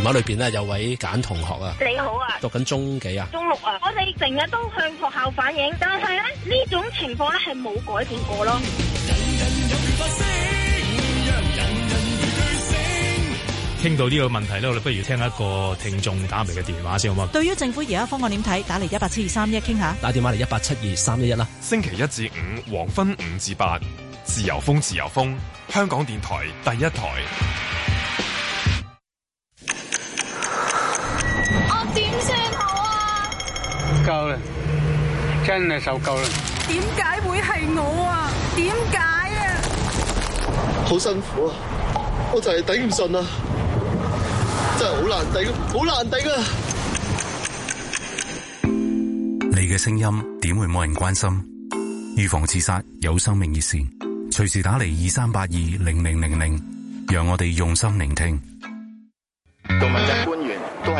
電話裏邊咧有位簡同學啊，你好啊，讀緊中幾啊？中六啊。我哋成日都向學校反映，但係咧呢種情況咧係冇改變過咯。傾到呢個問題咧，我哋不如聽一個聽眾打嚟嘅電話先好嘛？對於政府而家方案點睇？打嚟一八七二三一傾下。打電話嚟一八七二三一一啦。星期一至五黃昏五至八，自由風自由風，香港電台第一台。真係受夠啦！點解會係我啊？點解啊？好辛苦啊！我就係頂唔順啊！真係好難頂，好難頂啊！你嘅聲音點會冇人關心？預防自殺有生命熱線，隨時打嚟，二三八二零零零零，讓我哋用心聆聽。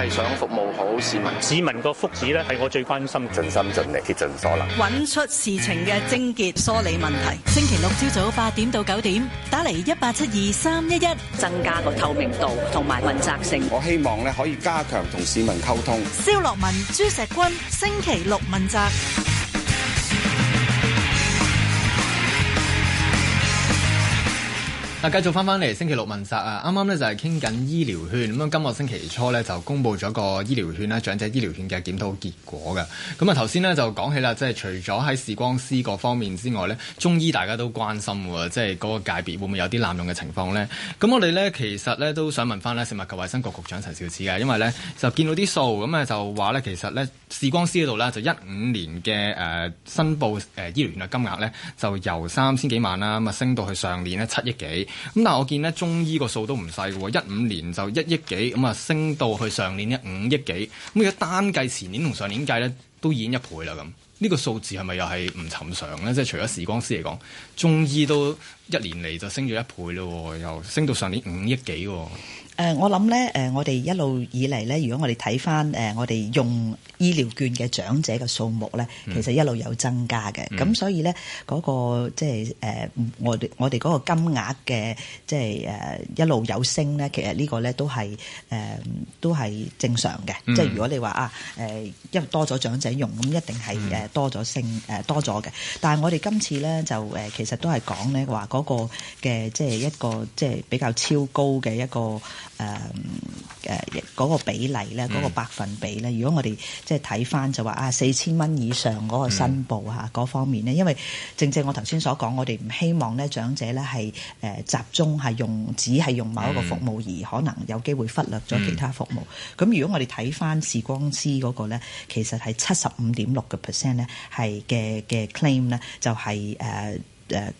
係想服務好市民，市民個福祉咧係我最關心，盡心盡力竭盡所能，揾出事情嘅症結，梳理問題。星期六朝早八點到九點，打嚟一八七二三一一，增加個透明度同埋問責性。我希望咧可以加強同市民溝通。蕭洛汶、朱錫君，星期六問責。嗱，繼續翻翻嚟星期六問責啊！啱啱呢就係傾緊醫療券，咁今個星期初呢，就公布咗個醫療券啦、長者醫療券嘅檢討結果㗎。咁啊，頭先呢就講起啦，即係除咗喺視光師各方面之外呢，中醫大家都關心喎，即係嗰個界別會唔會有啲濫用嘅情況呢？咁我哋呢，其實呢都想問翻呢食物及衛生局局長陳肇始㗎，因為呢就見到啲數咁啊，就話呢其實呢。視光師嗰度咧，就一五年嘅誒申報誒醫療嘅金額咧，就由三千幾萬啦，咁啊升到去上年呢七億幾。咁但係我見呢中醫個數都唔細嘅喎，一五年就一億幾，咁啊升到去上年呢五億幾。咁而家單計前年同上年計咧，都已經一倍啦咁。呢個數字係咪又係唔尋常咧？即係除咗視光師嚟講，中醫都一年嚟就升咗一倍咯，又升到上年五億幾。誒我諗咧，誒我哋一路以嚟咧，如果我哋睇返誒我哋用醫療券嘅長者嘅數目咧，其實一路有增加嘅。咁所以咧，嗰個即係誒我哋我哋嗰個金額嘅即係誒一路有升咧，其實呢個咧都係誒都係正常嘅。即係如果你話啊誒因為多咗長者用，咁一定係誒多咗升誒多咗嘅。但係我哋今次咧就誒其實都係講咧話嗰個嘅即係一個即係比較超高嘅一個。誒誒嗰個比例咧，嗰、嗰個百分比咧、嗯，如果我哋即係睇翻就話啊，四千蚊以上嗰個申報嚇嗰方面呢、嗯，因為正正我頭先所講，我哋唔希望咧長者咧係誒集中係用只係用某一個服務、嗯、而可能有機會忽略咗其他服務。咁、嗯、如果我哋睇翻視光師嗰、嗰個咧，其實係七十五點六嘅 percent 咧，係嘅嘅 claim 咧、就係，就係誒誒。呃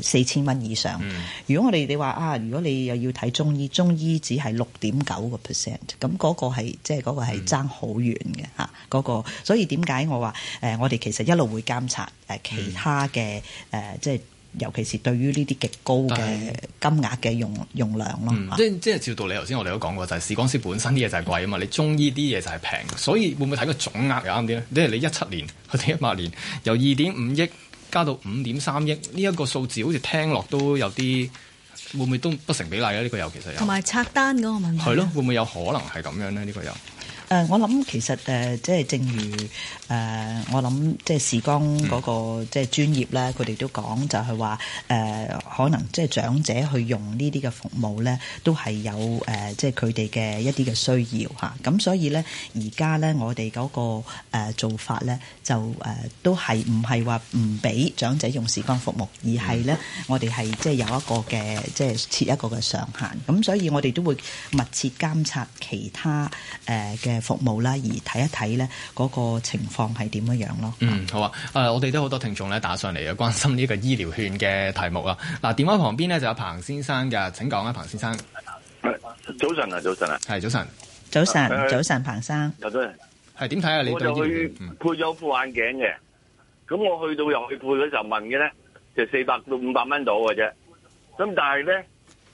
誒四千蚊以上、嗯，如果我哋你話啊，如果你又要睇中醫，中醫只係六點九個 percent，咁嗰個係即係嗰個係爭好遠嘅嚇，嗰、嗯啊嗰個。所以點解我話誒、呃、我哋其實一路會監察誒、呃、其他嘅誒，即、呃、係尤其是對於呢啲極高嘅金額嘅用是用量咯、嗯啊。即即係照道理，頭先我哋都講過就係，視光師本身啲嘢就係貴啊嘛、嗯，你中醫啲嘢就係平，所以會唔會睇個總額又啱啲咧？即係你一七年或者一八年，由二點五億。加到五點三億，呢一個數字好似聽落都有啲，會唔會都不成比例咧？呢個有其實有，同埋拆單嗰個問題係咯，會唔會有可能係咁樣咧？呢個又。誒、呃、我諗其實誒即係正如誒、呃、我諗即係視光個即係專業咧，佢、嗯、哋都講就係話誒可能即係長者去用呢啲嘅服務咧，都係有誒即係佢哋嘅一啲嘅需要吓咁、啊、所以咧，而家咧我哋、嗰個誒、呃、做法咧，就誒、呃、都係唔係話唔俾長者用視光服務而係咧、嗯、我哋係即係有一個嘅即係設一個嘅上限。咁所以我哋都會密切監察其他誒嘅，呃的服務啦，而睇一睇咧嗰個情況係點樣樣咯。嗯，好啊。誒，我哋都好多聽眾咧打上嚟啊，關心呢個醫療券嘅題目啊。嗱，電話旁邊咧就有彭先生嘅，請講啊，彭先生。早晨啊，早晨啊。係早晨。早晨，早晨，彭生。早晨。係點睇啊？你對？我就去配咗副眼鏡嘅，咁、嗯、我去到入去配嗰時候問嘅咧，就四百到五百蚊到嘅啫。咁但係咧，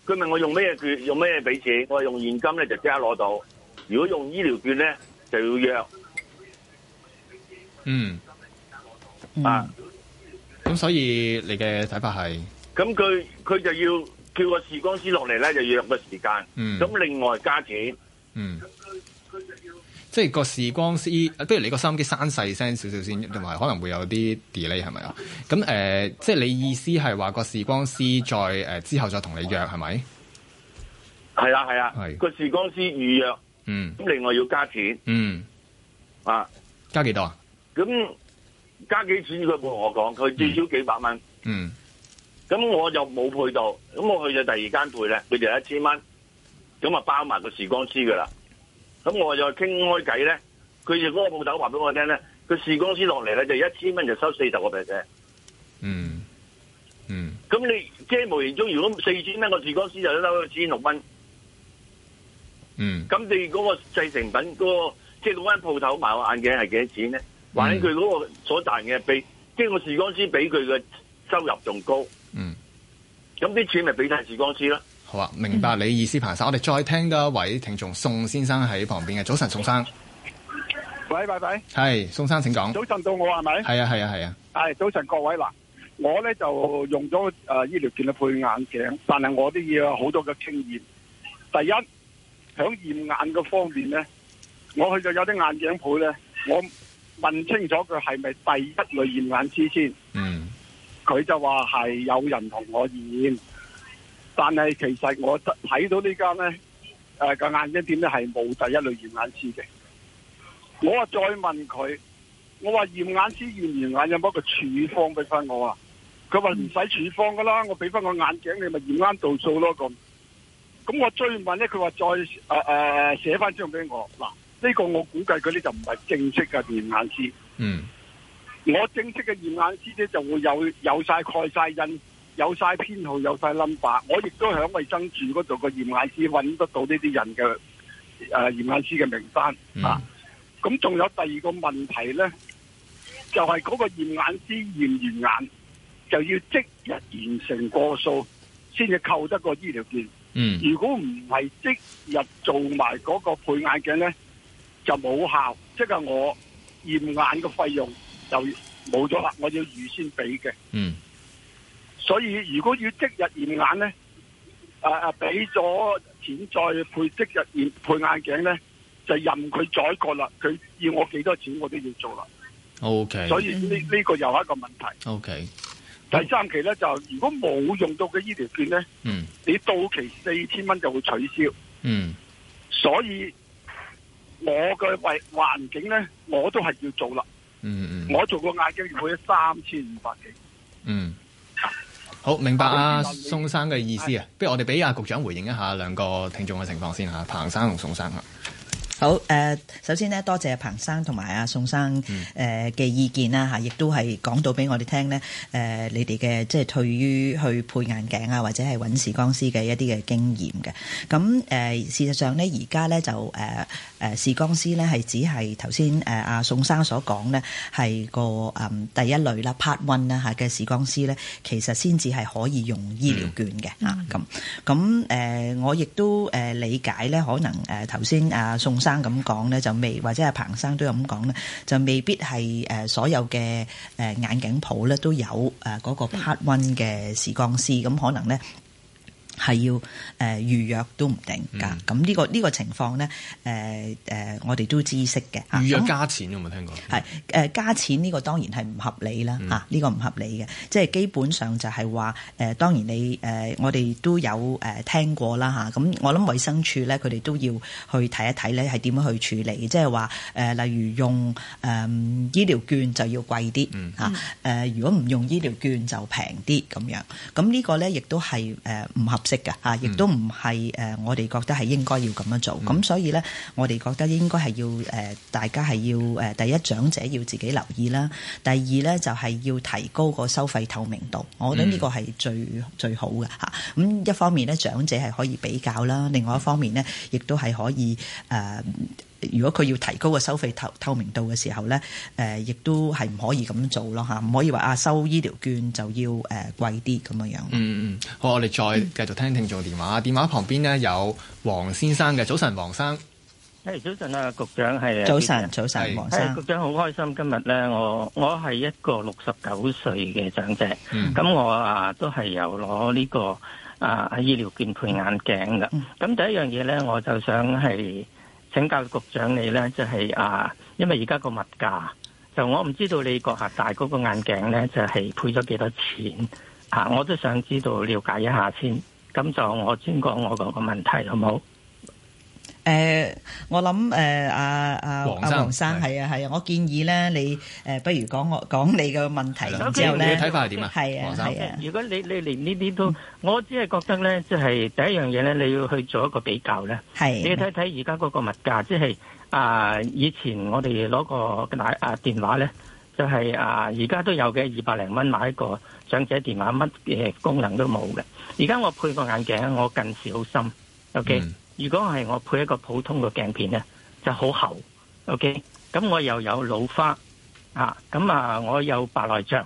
佢問我用咩券，用咩俾錢？我用現金咧就即刻攞到。如果用醫療券咧，就要約。嗯。啊。咁、嗯、所以你嘅睇法係？咁佢佢就要叫個視光師落嚟咧，就要約個時間。嗯。咁另外加錢。嗯。嗯，即係個視光師，不如你個收音機閂細聲少少先，同埋可能會有啲 delay 係咪啊？咁誒、呃，即係你意思係話個視光師再誒、呃、之後再同你約係咪？係啊，係啊，係。個視光師預約。嗯，咁另外要加錢，嗯，啊，加幾多啊？咁加幾錢？佢會同我講，佢最少幾百蚊。嗯，咁我就冇配到，咁我去咗第二間配咧，佢就一千蚊，咁啊，包埋個視光師噶啦。咁我就傾開計咧，佢就嗰個鋪頭話俾我聽咧，佢視光師落嚟咧就一千蚊就收四十個 percent。嗯，嗯，咁、嗯嗯、你即係無形中，如果四千蚊個視光師就收千六蚊。嗯，咁你嗰個製成品嗰、嗰個，即係嗰間鋪頭賣個眼鏡係幾多錢咧？或者佢嗰個所賺嘅比，即係個視光師俾佢嘅收入仲高。嗯，咁啲錢咪俾晒視光師咯。好啊，明白你意思，彭生。我哋再聽多一位聽眾，宋先生喺旁邊嘅。早晨，宋生。喂，拜拜。係，宋生請講。早晨到我係咪？係啊，係啊，係啊。係早晨各位啦，我咧就用咗誒、呃、醫療券去配眼鏡，但係我都要有好多嘅經驗。第一。響驗眼嘅方面咧，我去咗有啲眼鏡鋪咧，我問清楚佢係咪第一類驗眼師先，嗯，佢就話係有人同我驗，但係其實我睇到這呢間咧，誒、呃、個眼鏡店咧係冇第一類驗眼，眼，眼師嘅，我啊再問佢，我話驗眼師驗完眼有冇一個處方俾翻我啊，佢話唔使處方噶啦，我俾翻個眼鏡你咪驗啱度數咯咁。咁我追問咧，佢話再誒誒、呃、寫翻張俾我嗱，呢、這個我估計佢呢就唔係正式嘅驗眼師。嗯，我正式嘅驗眼師咧就會有有晒蓋晒印，有晒編號，有晒 number。我亦都喺衛生署嗰度個驗眼師揾得到呢啲人嘅誒驗眼師嘅名單、嗯、啊。咁仲有第二個問題咧，就係、是、嗰個驗眼師驗完眼就要即日完成過數，先至扣得個醫療券嗯，如果唔係即日做埋嗰個配眼鏡咧，就冇效，即係我驗眼嘅費用就冇咗啦，我要預先俾嘅。嗯，所以如果要即日驗眼咧，誒、啊、誒，俾咗錢再配即日驗配眼鏡咧，就任佢宰割啦，佢要我幾多錢我都要做啦。OK，所以呢呢個又係一個問題。O K。第三期咧就，如果冇用到嘅醫療券咧，嗯，你到期四千蚊就會取消。嗯，所以我嘅環環境咧，我都係要做啦。嗯，嗯，我做個亞記，用咗三千五百幾。嗯，好明白啊，宋生嘅意思啊，不如我哋俾阿局長回應一下兩個聽眾嘅情況先嚇，彭生同宋生嚇。好誒，首先咧，多謝阿彭生同埋阿宋生誒嘅意見啦吓、嗯、亦都係講到俾我哋聽咧誒，你哋嘅即係退於去配眼鏡啊，或者係揾視光師嘅一啲嘅經驗嘅。咁誒事實上咧，而家咧就誒誒視光師咧係只係頭、呃、先誒阿宋生所講咧係個誒、嗯、第一類啦，part one 啦吓嘅視光師咧，其實先至係可以用醫療券嘅、嗯、啊咁。咁誒、呃、我亦都誒理解咧，可能誒頭、呃、先阿宋。生咁講咧就未，或者係彭生都有咁講咧，就未必係誒所有嘅誒眼鏡鋪咧都有誒嗰個 part one 嘅視光師咁可能咧。係要誒、呃、預約都唔定㗎，咁、嗯、呢、這個呢、這個情況咧誒誒，我哋都知識嘅預、啊、預約加錢有冇聽過？係、啊嗯呃、加錢呢個當然係唔合理啦嚇，呢、嗯啊這個唔合理嘅，即、就、係、是、基本上就係話誒，當然你誒、呃、我哋都有誒、呃、聽過啦嚇。咁、啊、我諗衛生處咧，佢哋都要去睇一睇咧，係點樣去處理即係話誒，例如用誒、呃、醫療券就要貴啲嚇，誒、啊嗯啊呃、如果唔用醫療券就平啲咁樣。咁呢個咧亦都係誒唔合理。識噶嚇，亦都唔係我哋覺得係應該要咁樣做。咁所以咧，我哋覺得應該係、嗯、要大家係要，第一長者要自己留意啦，第二咧就係要提高個收費透明度。我覺得呢個係最、嗯、最好嘅嚇。咁一方面咧，長者係可以比較啦，另外一方面咧，亦都係可以、呃如果佢要提高嘅收費透透明度嘅時候咧，誒，亦都係唔可以咁做咯嚇，唔可以話啊收醫療券就要誒貴啲咁樣樣。嗯嗯，好，我哋再繼續聽聽眾電話。嗯、電話旁邊呢，有王先生嘅，早晨，王生。誒、hey，早晨啊，局長係早晨，早晨，王生。Hey. Hey, 局長好開心，今日咧，我我係一個六十九歲嘅長者，咁、嗯、我都、這個、啊都係有攞呢個啊醫療券配眼鏡嘅。咁第一樣嘢咧，我就想係。請教育局長你呢就係、是、啊，因為而家個物價，就我唔知道你閣下戴嗰個眼鏡呢就係、是、配咗幾多少錢啊？我都想知道了解一下先。咁就我先講我嗰個問題好冇好？誒，我諗誒，阿阿阿黃生係啊係啊，我建議咧，你誒，不如講我講你嘅問題之後咧，你睇法係點啊？係啊，黃生啊，如果你你連呢啲都，我只係覺得咧，即係第一樣嘢咧，你要去做一個比較咧。係。你睇睇而家嗰個物價，即係啊，以前我哋攞個大啊電話咧，就係啊，而家都有嘅二百零蚊買個長者電話，乜嘢功能都冇嘅。而家我配個眼鏡，我近視好深。O K。如果係我配一個普通嘅鏡片咧，就好厚。OK，咁我又有老花啊，咁啊我有白內障，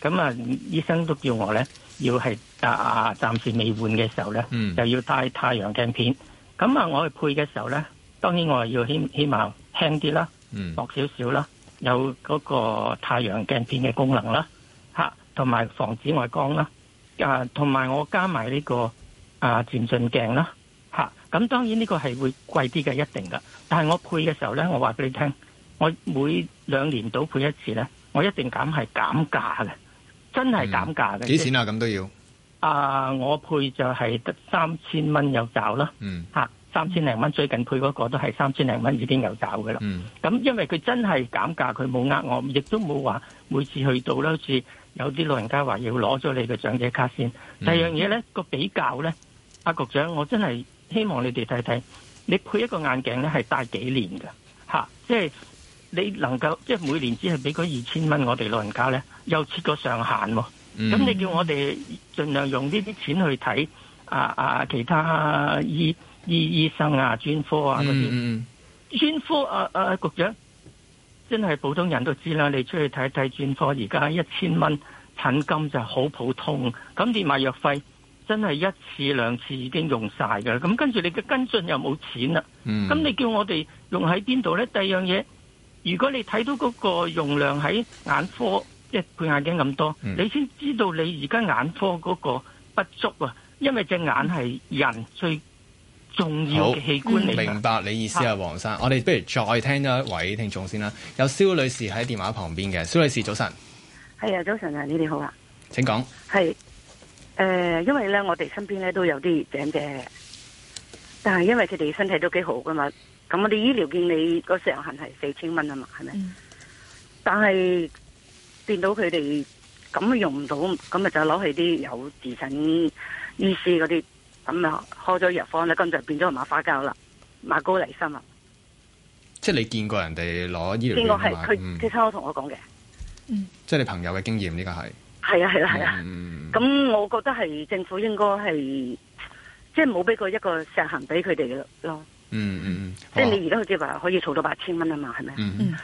咁啊醫生都叫我咧要係啊暫時未換嘅時候咧，就要戴太陽鏡片。咁啊我去配嘅時候咧，當然我係要希希望輕啲啦，薄少少啦，有嗰個太陽鏡片嘅功能啦，嚇，同埋防紫外光啦，啊，同埋、啊、我加埋呢、呢個啊漸進鏡啦。咁當然呢個係會貴啲嘅，一定噶。但係我配嘅時候呢，我話俾你聽，我每兩年到配一次呢，我一定減係減價嘅，真係減價嘅。幾、嗯就是、錢啊？咁都要啊！我配就係得三千蚊有找啦。嗯。三千零蚊，最近配嗰個都係三千零蚊已經有找噶啦。咁、嗯、因為佢真係減價，佢冇呃我，亦都冇話每次去到呢，好似有啲老人家話要攞咗你嘅長者卡先、嗯。第二樣嘢呢，個比較呢，阿、啊、局長，我真係。希望你哋睇睇，你配一個眼鏡咧，係戴幾年㗎、啊？即係你能夠即係每年只係俾嗰二千蚊，我哋老人家咧又設個上限喎、哦。咁、嗯、你叫我哋盡量用呢啲錢去睇啊啊其他醫醫醫生啊、專科啊嗰啲、嗯。專科啊啊，局長真係普通人都知啦，你出去睇睇專科，而家一千蚊診金就好普通，咁連埋藥費。真係一次兩次已經用晒㗎，咁跟住你嘅跟進又冇錢啦。咁、嗯、你叫我哋用喺邊度呢？第二樣嘢，如果你睇到嗰個容量喺眼科即係、就是、配眼鏡咁多，嗯、你先知道你而家眼科嗰個不足啊。因為隻眼係人最重要嘅器官嚟、嗯。明白你意思啊，黃生。啊、我哋不如再聽一位聽眾先啦。有蕭女士喺電話旁邊嘅，蕭女士早晨。係啊，早晨啊，你哋好啊，請講。係。誒、呃，因為咧，我哋身邊咧都有啲長者嘅，但係因為佢哋身體都幾好噶嘛，咁我哋醫療券你個上限係四千蚊啊嘛，係咪、嗯？但係見到佢哋咁用唔到，咁咪就攞去啲有自診醫師嗰啲，咁、嗯、啊開咗藥方咧，跟住就變咗馬花膠啦，馬高麗參啦。即係你見過人哋攞醫療？見過係佢佢親口同我講嘅、嗯，即係你朋友嘅經驗呢、這個係。係啊係啦係啊，咁、啊啊嗯、我覺得係政府應該係即係冇俾過一個石痕俾佢哋咯。嗯嗯嗯，即、哦、係、就是、你而家好似話可以儲到八千蚊啊嘛，係咪、嗯？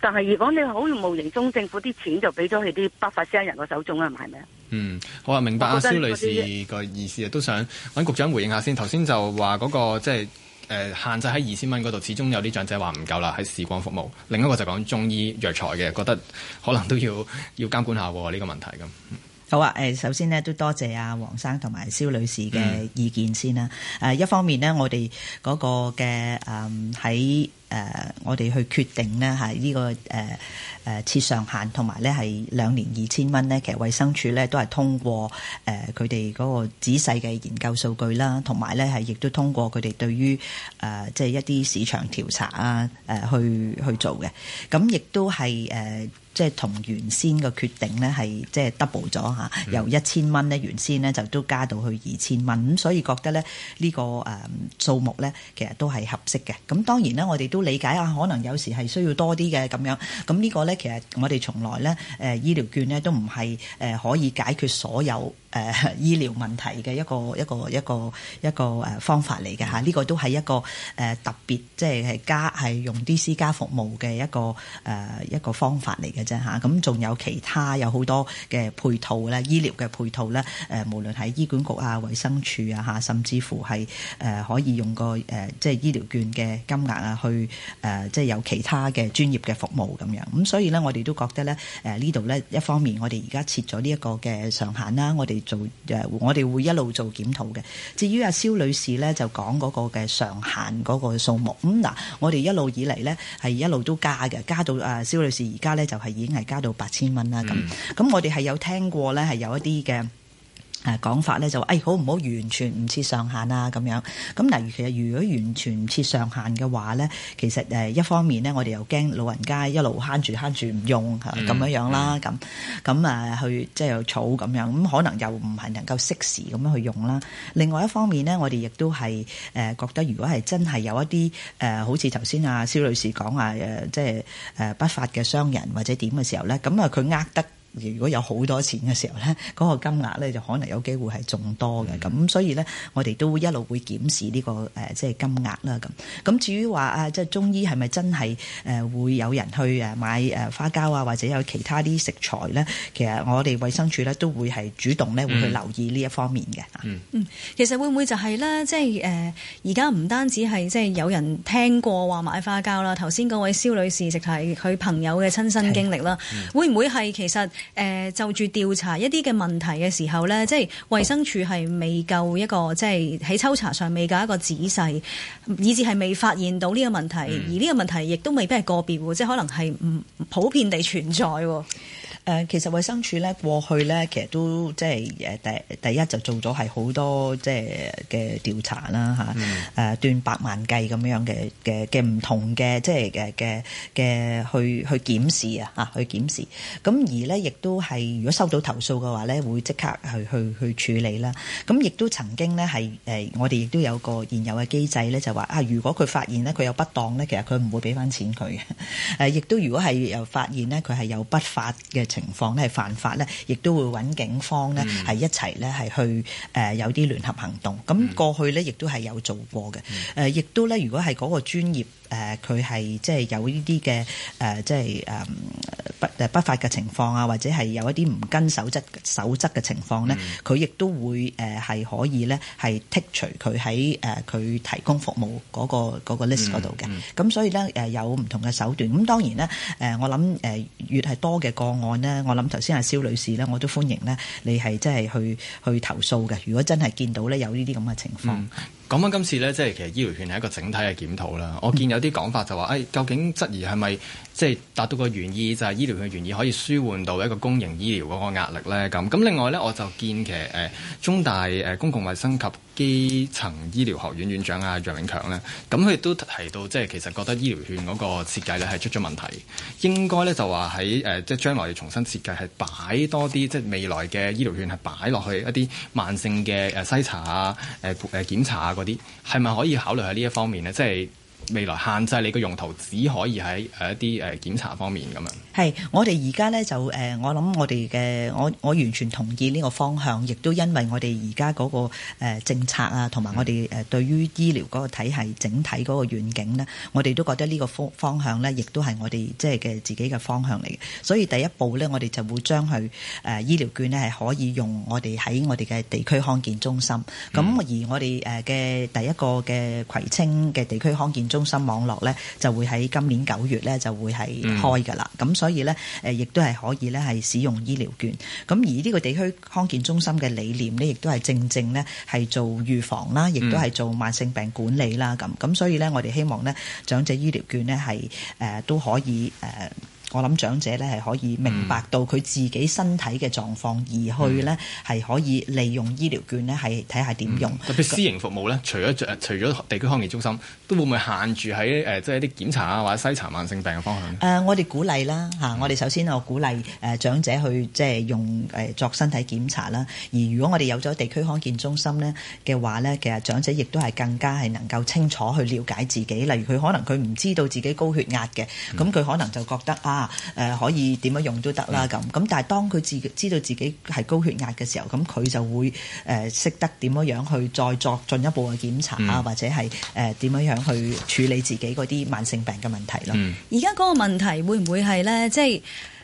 但係如果你好無形中政府啲錢就俾咗係啲不法商人個手中啊，係咪啊？嗯，好啊，明白阿蕭，蕭女士個意思啊，都想搵局長回應一下先。頭先就話嗰、那個即係。誒限制喺二千蚊嗰度，始終有啲長者話唔夠啦。喺視光服務，另一個就講中醫藥材嘅，覺得可能都要要監管一下呢個問題咁。好啊，誒首先呢，都多謝阿黃生同埋蕭女士嘅意見先啦。誒、嗯、一方面呢，我哋嗰個嘅誒喺。誒，我哋去決定咧嚇呢個誒誒設上限，同埋咧係兩年二千蚊咧。其實衛生署咧都係通過誒佢哋嗰個仔細嘅研究數據啦，同埋咧係亦都通過佢哋對於誒即係一啲市場調查啊誒去去做嘅。咁亦都係誒即係同原先嘅決定咧係即係 double 咗吓，由一千蚊咧原先咧就都加到去二千蚊。咁所以覺得咧呢個誒數目咧其實都係合適嘅。咁當然咧，我哋都理解啊，可能有時係需要多啲嘅咁樣，咁呢個咧，其實我哋從來咧，誒、呃、醫療券咧都唔係誒可以解決所有誒、呃、醫療問題嘅一個一個一個一個誒方法嚟嘅吓，呢、啊這個都係一個誒、呃、特別，即係係加係用 D.C 加服務嘅一個誒、呃、一個方法嚟嘅啫吓，咁、啊、仲有其他有好多嘅配套咧，醫療嘅配套咧，誒、呃、無論喺醫管局啊、衛生署啊吓，甚至乎係誒、呃、可以用個誒、呃、即係醫療券嘅金額啊去。誒、呃，即係有其他嘅專業嘅服務咁樣，咁所以咧，我哋都覺得咧，誒、呃、呢度咧，一方面我哋而家設咗呢一個嘅上限啦，我哋做誒、呃，我哋會一路做檢討嘅。至於阿蕭女士咧，就講嗰個嘅上限嗰個數目，咁、嗯、嗱、啊，我哋一路以嚟咧係一路都加嘅，加到誒，阿蕭女士而家咧就係已經係加到八千蚊啦。咁、嗯，咁我哋係有聽過咧，係有一啲嘅。誒、啊、講法咧就誒好唔好完全唔設上限啊咁樣咁，例如其實如果完全唔設上限嘅話咧，其實一方面咧，我哋又驚老人家一路慳住慳住唔用嚇咁、嗯、樣啦，咁咁誒去即係又儲咁樣，咁、啊、可能又唔係能夠適時咁樣去用啦。另外一方面咧，我哋亦都係誒、呃、覺得，如果係真係有一啲誒、呃，好似頭先啊蕭女士講啊、呃、即係誒、呃、不法嘅商人或者點嘅時候咧，咁啊佢呃得。如果有好多錢嘅時候咧，嗰、那個金額咧就可能有機會係仲多嘅，咁、嗯、所以咧，我哋都會一路會檢視呢個誒即係金額啦，咁咁至於話啊，即係中醫係咪真係誒會有人去誒買誒花膠啊，或者有其他啲食材咧？其實我哋衛生署咧都會係主動咧會去留意呢一方面嘅、嗯嗯。嗯，其實會唔會就係、是、咧，即係誒而家唔單止係即係有人聽過話買花膠啦，頭先嗰位蕭女士直係佢朋友嘅親身經歷啦、嗯，會唔會係其實？誒、呃、就住調查一啲嘅問題嘅時候咧，即係衛生署係未夠一個即係喺抽查上未夠一個仔細，以至係未發現到呢個問題。而呢個問題亦都未必係個別喎，即係可能係唔普遍地存在喎。誒其實衛生署咧過去咧，其實都即係誒第第一就做咗係好多即係嘅調查啦嚇，誒、嗯、斷百萬計咁樣嘅嘅嘅唔同嘅即係嘅嘅嘅去去檢視啊嚇去檢視。咁、啊、而呢，亦都係如果收到投訴嘅話咧，會即刻去去去處理啦。咁亦都曾經咧係誒我哋亦都有個現有嘅機制咧，就話啊如果佢發現咧佢有不當咧，其實佢唔會俾翻錢佢嘅。亦、啊、都如果係又發現咧佢係有不法嘅。情況咧係犯法咧，亦都會揾警方咧係一齊咧係去誒、嗯呃、有啲聯合行動，咁過去咧亦都係有做過嘅。誒、嗯、亦、呃、都咧，如果係個專業誒佢係即係有呢啲嘅誒即係誒、呃、不誒不法嘅情況啊，或者係有一啲唔跟守則守則嘅情況咧，佢、嗯、亦都會誒係、呃、可以咧係剔除佢喺誒佢提供服務、嗰個、嗰個 list 度嘅。咁、嗯嗯、所以咧誒有唔同嘅手段。咁當然咧誒、呃、我諗誒越係多嘅個案咧，我諗頭先阿蕭女士咧，我都歡迎咧，你係真係去去投訴嘅。如果真係見到咧，有呢啲咁嘅情況。嗯講翻今次呢，即係其實醫療券係一個整體嘅檢討啦。我見有啲講法就話，誒究竟質疑係咪即係達到個原意，就係、是、醫療券嘅原意可以舒緩到一個公營醫療嗰個壓力咧？咁咁另外咧，我就見其實誒中大誒公共衛生及基層醫療學院院長啊楊永強咧，咁佢亦都提到，即係其實覺得醫療券嗰個設計咧係出咗問題，應該咧就話喺誒即係將來要重新設計係擺多啲即係未來嘅醫療券係擺落去一啲慢性嘅誒篩查啊、誒誒檢查啊。嗰啲係咪可以考慮喺呢一方面咧？即係。未來限制你嘅用途，只可以喺誒一啲誒、呃、檢查方面咁樣。係，我哋而家咧就誒，我諗我哋嘅我我完全同意呢個方向，亦都因為我哋而家嗰個、呃、政策啊，同埋我哋誒對於醫療嗰個體系、嗯、整體嗰個願景呢，我哋都覺得呢個方方向呢，亦都係我哋即係嘅自己嘅方向嚟嘅。所以第一步呢，我哋就會將佢誒醫療券呢，係可以用我哋喺我哋嘅地區康健中心。咁、嗯、而我哋誒嘅第一個嘅葵青嘅地區康健中心。中心網絡咧就會喺今年九月咧就會係開噶啦，咁所以咧誒亦都係可以咧係使用醫療券，咁而呢個地區康健中心嘅理念咧亦都係正正咧係做預防啦，亦都係做慢性病管理啦，咁咁所以咧我哋希望咧長者醫療券咧係誒都可以誒。呃我諗長者咧係可以明白到佢自己身體嘅狀況，嗯、而去咧係可以利用醫療券咧係睇下點用、嗯。特別私營服務咧，除咗除咗地區康健中心，都會唔會限住喺即係一啲檢查啊，或者篩查慢性病嘅方向咧、呃？我哋鼓勵啦、啊、我哋首先我鼓勵誒、呃、長者去即係用、呃、作身體檢查啦。而如果我哋有咗地區康健中心咧嘅話咧，其實長者亦都係更加係能夠清楚去了解自己。例如佢可能佢唔知道自己高血壓嘅，咁、嗯、佢可能就覺得啊～誒、啊，可以點樣用都得啦，咁咁，但係當佢自己知道自己係高血壓嘅時候，咁佢就會誒識、呃、得點樣樣去再作進一步嘅檢查啊，或者係誒點樣樣去處理自己嗰啲慢性病嘅問題咯。而家嗰個問題會唔會係呢？即係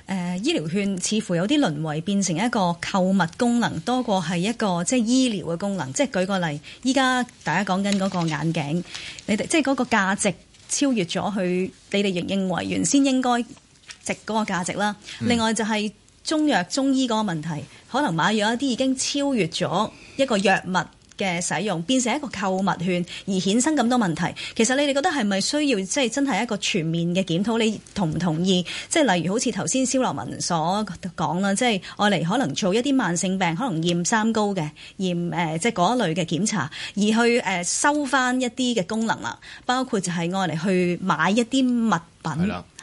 誒，醫療券似乎有啲淪為變成一個購物功能多過係一個即係、就是、醫療嘅功能。即、就、係、是、舉個例，依家大家講緊嗰個眼鏡，你哋即係嗰個價值超越咗佢，你哋認認為原先應該。食嗰個價值啦，另外就係中藥、中醫嗰個問題，可能買藥一啲已經超越咗一個藥物嘅使用，變成一個購物券而衍生咁多問題。其實你哋覺得係咪需要即係真係一個全面嘅檢討？你同唔同意？即係例如好似頭先蕭洛汶所講啦，即係我嚟可能做一啲慢性病，可能驗三高嘅驗誒，即係嗰類嘅檢查，而去誒收返一啲嘅功能啦，包括就係我嚟去買一啲物品，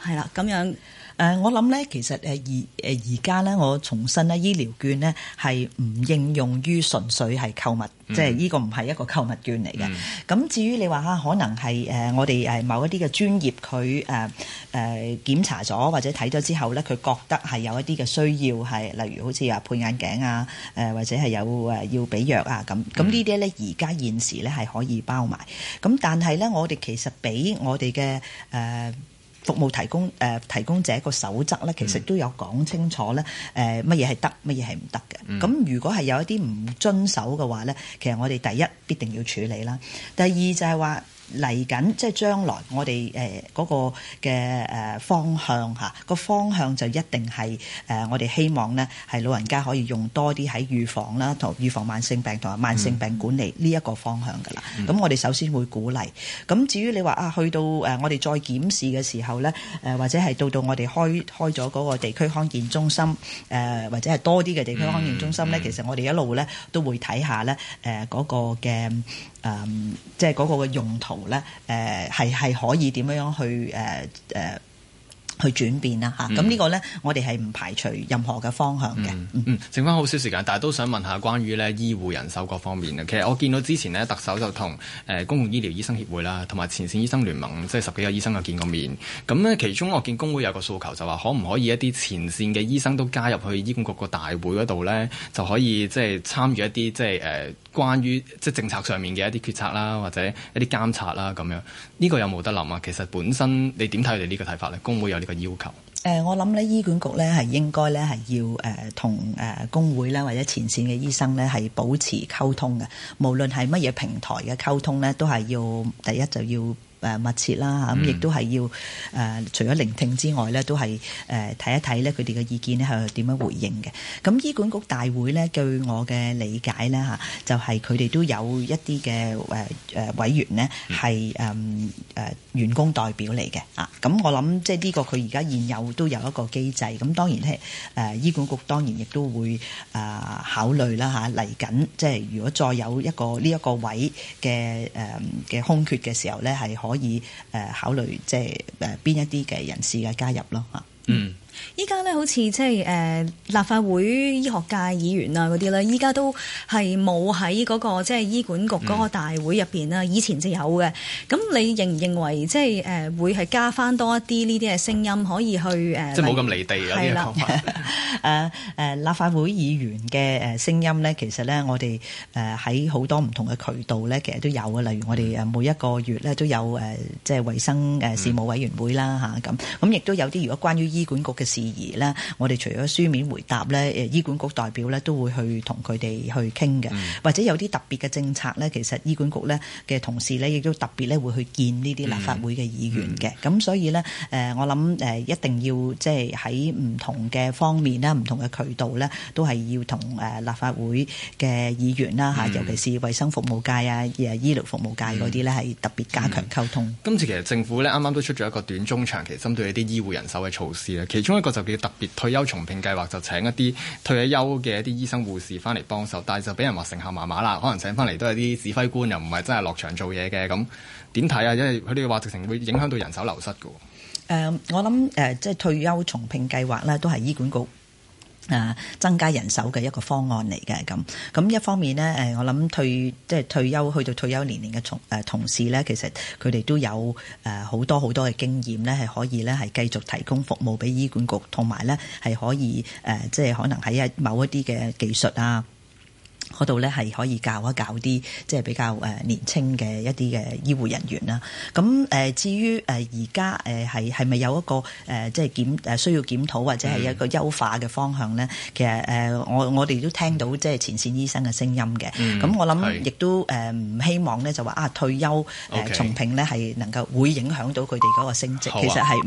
係啦，咁樣。誒，我諗咧，其實誒而而家咧，我重申咧，醫療券咧係唔應用於純粹係購物，嗯、即係呢個唔係一個購物券嚟嘅。咁、嗯、至於你話可能係誒我哋誒某一啲嘅專業佢誒誒檢查咗或者睇咗之後咧，佢覺得係有一啲嘅需要係，例如好似話配眼鏡啊，或者係有誒要俾藥啊咁。咁呢啲咧而家現時咧係可以包埋。咁、嗯、但係咧，我哋其實俾我哋嘅誒。呃服務提供誒、呃、提供者個守則咧，其實都有講清楚咧，誒乜嘢係得，乜嘢係唔得嘅。咁、mm. 如果係有一啲唔遵守嘅話咧，其實我哋第一必定要處理啦。第二就係話。嚟緊即係將來，我哋誒嗰個嘅誒方向嚇，個方向就一定係誒我哋希望咧，係老人家可以用多啲喺預防啦，同預防慢性病同埋慢性病管理呢一個方向噶啦。咁、嗯、我哋首先會鼓勵。咁、嗯、至於你話啊，去到誒我哋再檢視嘅時候咧，誒或者係到到我哋開開咗嗰個地區康健中心誒，或者係多啲嘅地區康健中心咧、呃嗯，其實我哋一路咧都會睇下咧誒嗰個嘅。誒、嗯，即係嗰個嘅用途咧，誒、呃，係可以點樣去誒、呃、去轉變啦，咁呢個咧，嗯、我哋係唔排除任何嘅方向嘅、嗯。嗯，剩翻好少時間，但係都想問下關於咧醫護人手各方面嘅。其實我見到之前呢，特首就同誒公共醫療醫生協會啦，同埋前線醫生聯盟，即係十幾個醫生就見過面。咁咧，其中我見工會有個訴求，就話可唔可以一啲前線嘅醫生都加入去醫管局個大會嗰度咧，就可以即係參與一啲即係誒。呃關於即係政策上面嘅一啲決策啦，或者一啲監察啦，咁樣呢個有冇得諗啊？其實本身你點睇佢哋呢個睇法咧？工會有呢個要求？誒、呃，我諗咧醫管局咧係應該咧係要誒同誒工會咧或者前線嘅醫生咧係保持溝通嘅，無論係乜嘢平台嘅溝通咧，都係要第一就要。誒密切啦吓，咁亦都係要誒除咗聆聽之外咧，都係誒睇一睇咧佢哋嘅意見咧係點樣回應嘅。咁醫管局大會咧，據我嘅理解咧吓，就係佢哋都有一啲嘅誒誒委員咧係誒誒員工代表嚟嘅啊。咁、嗯、我諗即係呢個佢而家現有都有一個機制。咁當然咧誒醫管局當然亦都會誒考慮啦吓，嚟緊即係如果再有一個呢一個位嘅誒嘅空缺嘅時候咧，係可。可以誒考慮，即係誒邊一啲嘅人士嘅加入咯吓嗯。依家咧好似即係誒立法會、醫學界議員啊嗰啲咧，依家都係冇喺嗰個即係醫管局嗰個大會入邊啦。以前就有嘅，咁你認唔認為即係誒、呃、會係加翻多一啲呢啲嘅聲音，可以去誒、呃？即係冇咁離地咁嘅講法。誒、啊啊、立法會議員嘅誒聲音咧，其實咧我哋誒喺好多唔同嘅渠道咧，其實都有嘅。例如我哋誒每一個月咧都有誒、呃，即係衞生誒事務委員會啦嚇咁。咁、嗯、亦、啊、都有啲如果關於醫管局嘅。事宜咧，我哋除咗書面回答咧，誒醫管局代表咧都會去同佢哋去傾嘅，或者有啲特別嘅政策咧，其實醫管局咧嘅同事咧亦都特別咧會去見呢啲立法會嘅議員嘅。咁、嗯嗯、所以咧，誒我諗誒一定要即係喺唔同嘅方面啦，唔同嘅渠道咧，都係要同誒立法會嘅議員啦吓、嗯，尤其是衛生服務界啊、誒醫療服務界嗰啲咧，係、嗯、特別加強溝通、嗯。今次其實政府咧啱啱都出咗一個短中長期針對一啲醫護人手嘅措施啊，其中。一個就叫特別退休重聘計劃，就請一啲退咗休嘅一啲醫生護士翻嚟幫手，但係就俾人話成效麻麻啦，可能請翻嚟都係啲指揮官，又唔係真係落場做嘢嘅，咁點睇啊？因為佢哋嘅話直情會影響到人手流失噶。誒、呃，我諗誒、呃，即係退休重聘計劃咧，都係醫管局。誒增加人手嘅一個方案嚟嘅。咁，咁一方面呢，我諗退即係退休去到退休年齡嘅同同事呢，其實佢哋都有誒好多好多嘅經驗呢係可以呢係繼續提供服務俾醫管局，同埋呢係可以誒、呃、即係可能喺一某一啲嘅技術啊。嗰度咧係可以教一教啲即係比較誒年輕嘅一啲嘅醫護人員啦。咁誒至於誒而家誒係係咪有一個誒即係檢誒需要檢討或者係一個優化嘅方向咧、嗯？其實誒我我哋都聽到即係前線醫生嘅聲音嘅。咁、嗯、我諗亦都誒唔希望咧就話啊退休誒、okay，重聘咧係能夠會影響到佢哋嗰個升職，啊、其實係唔。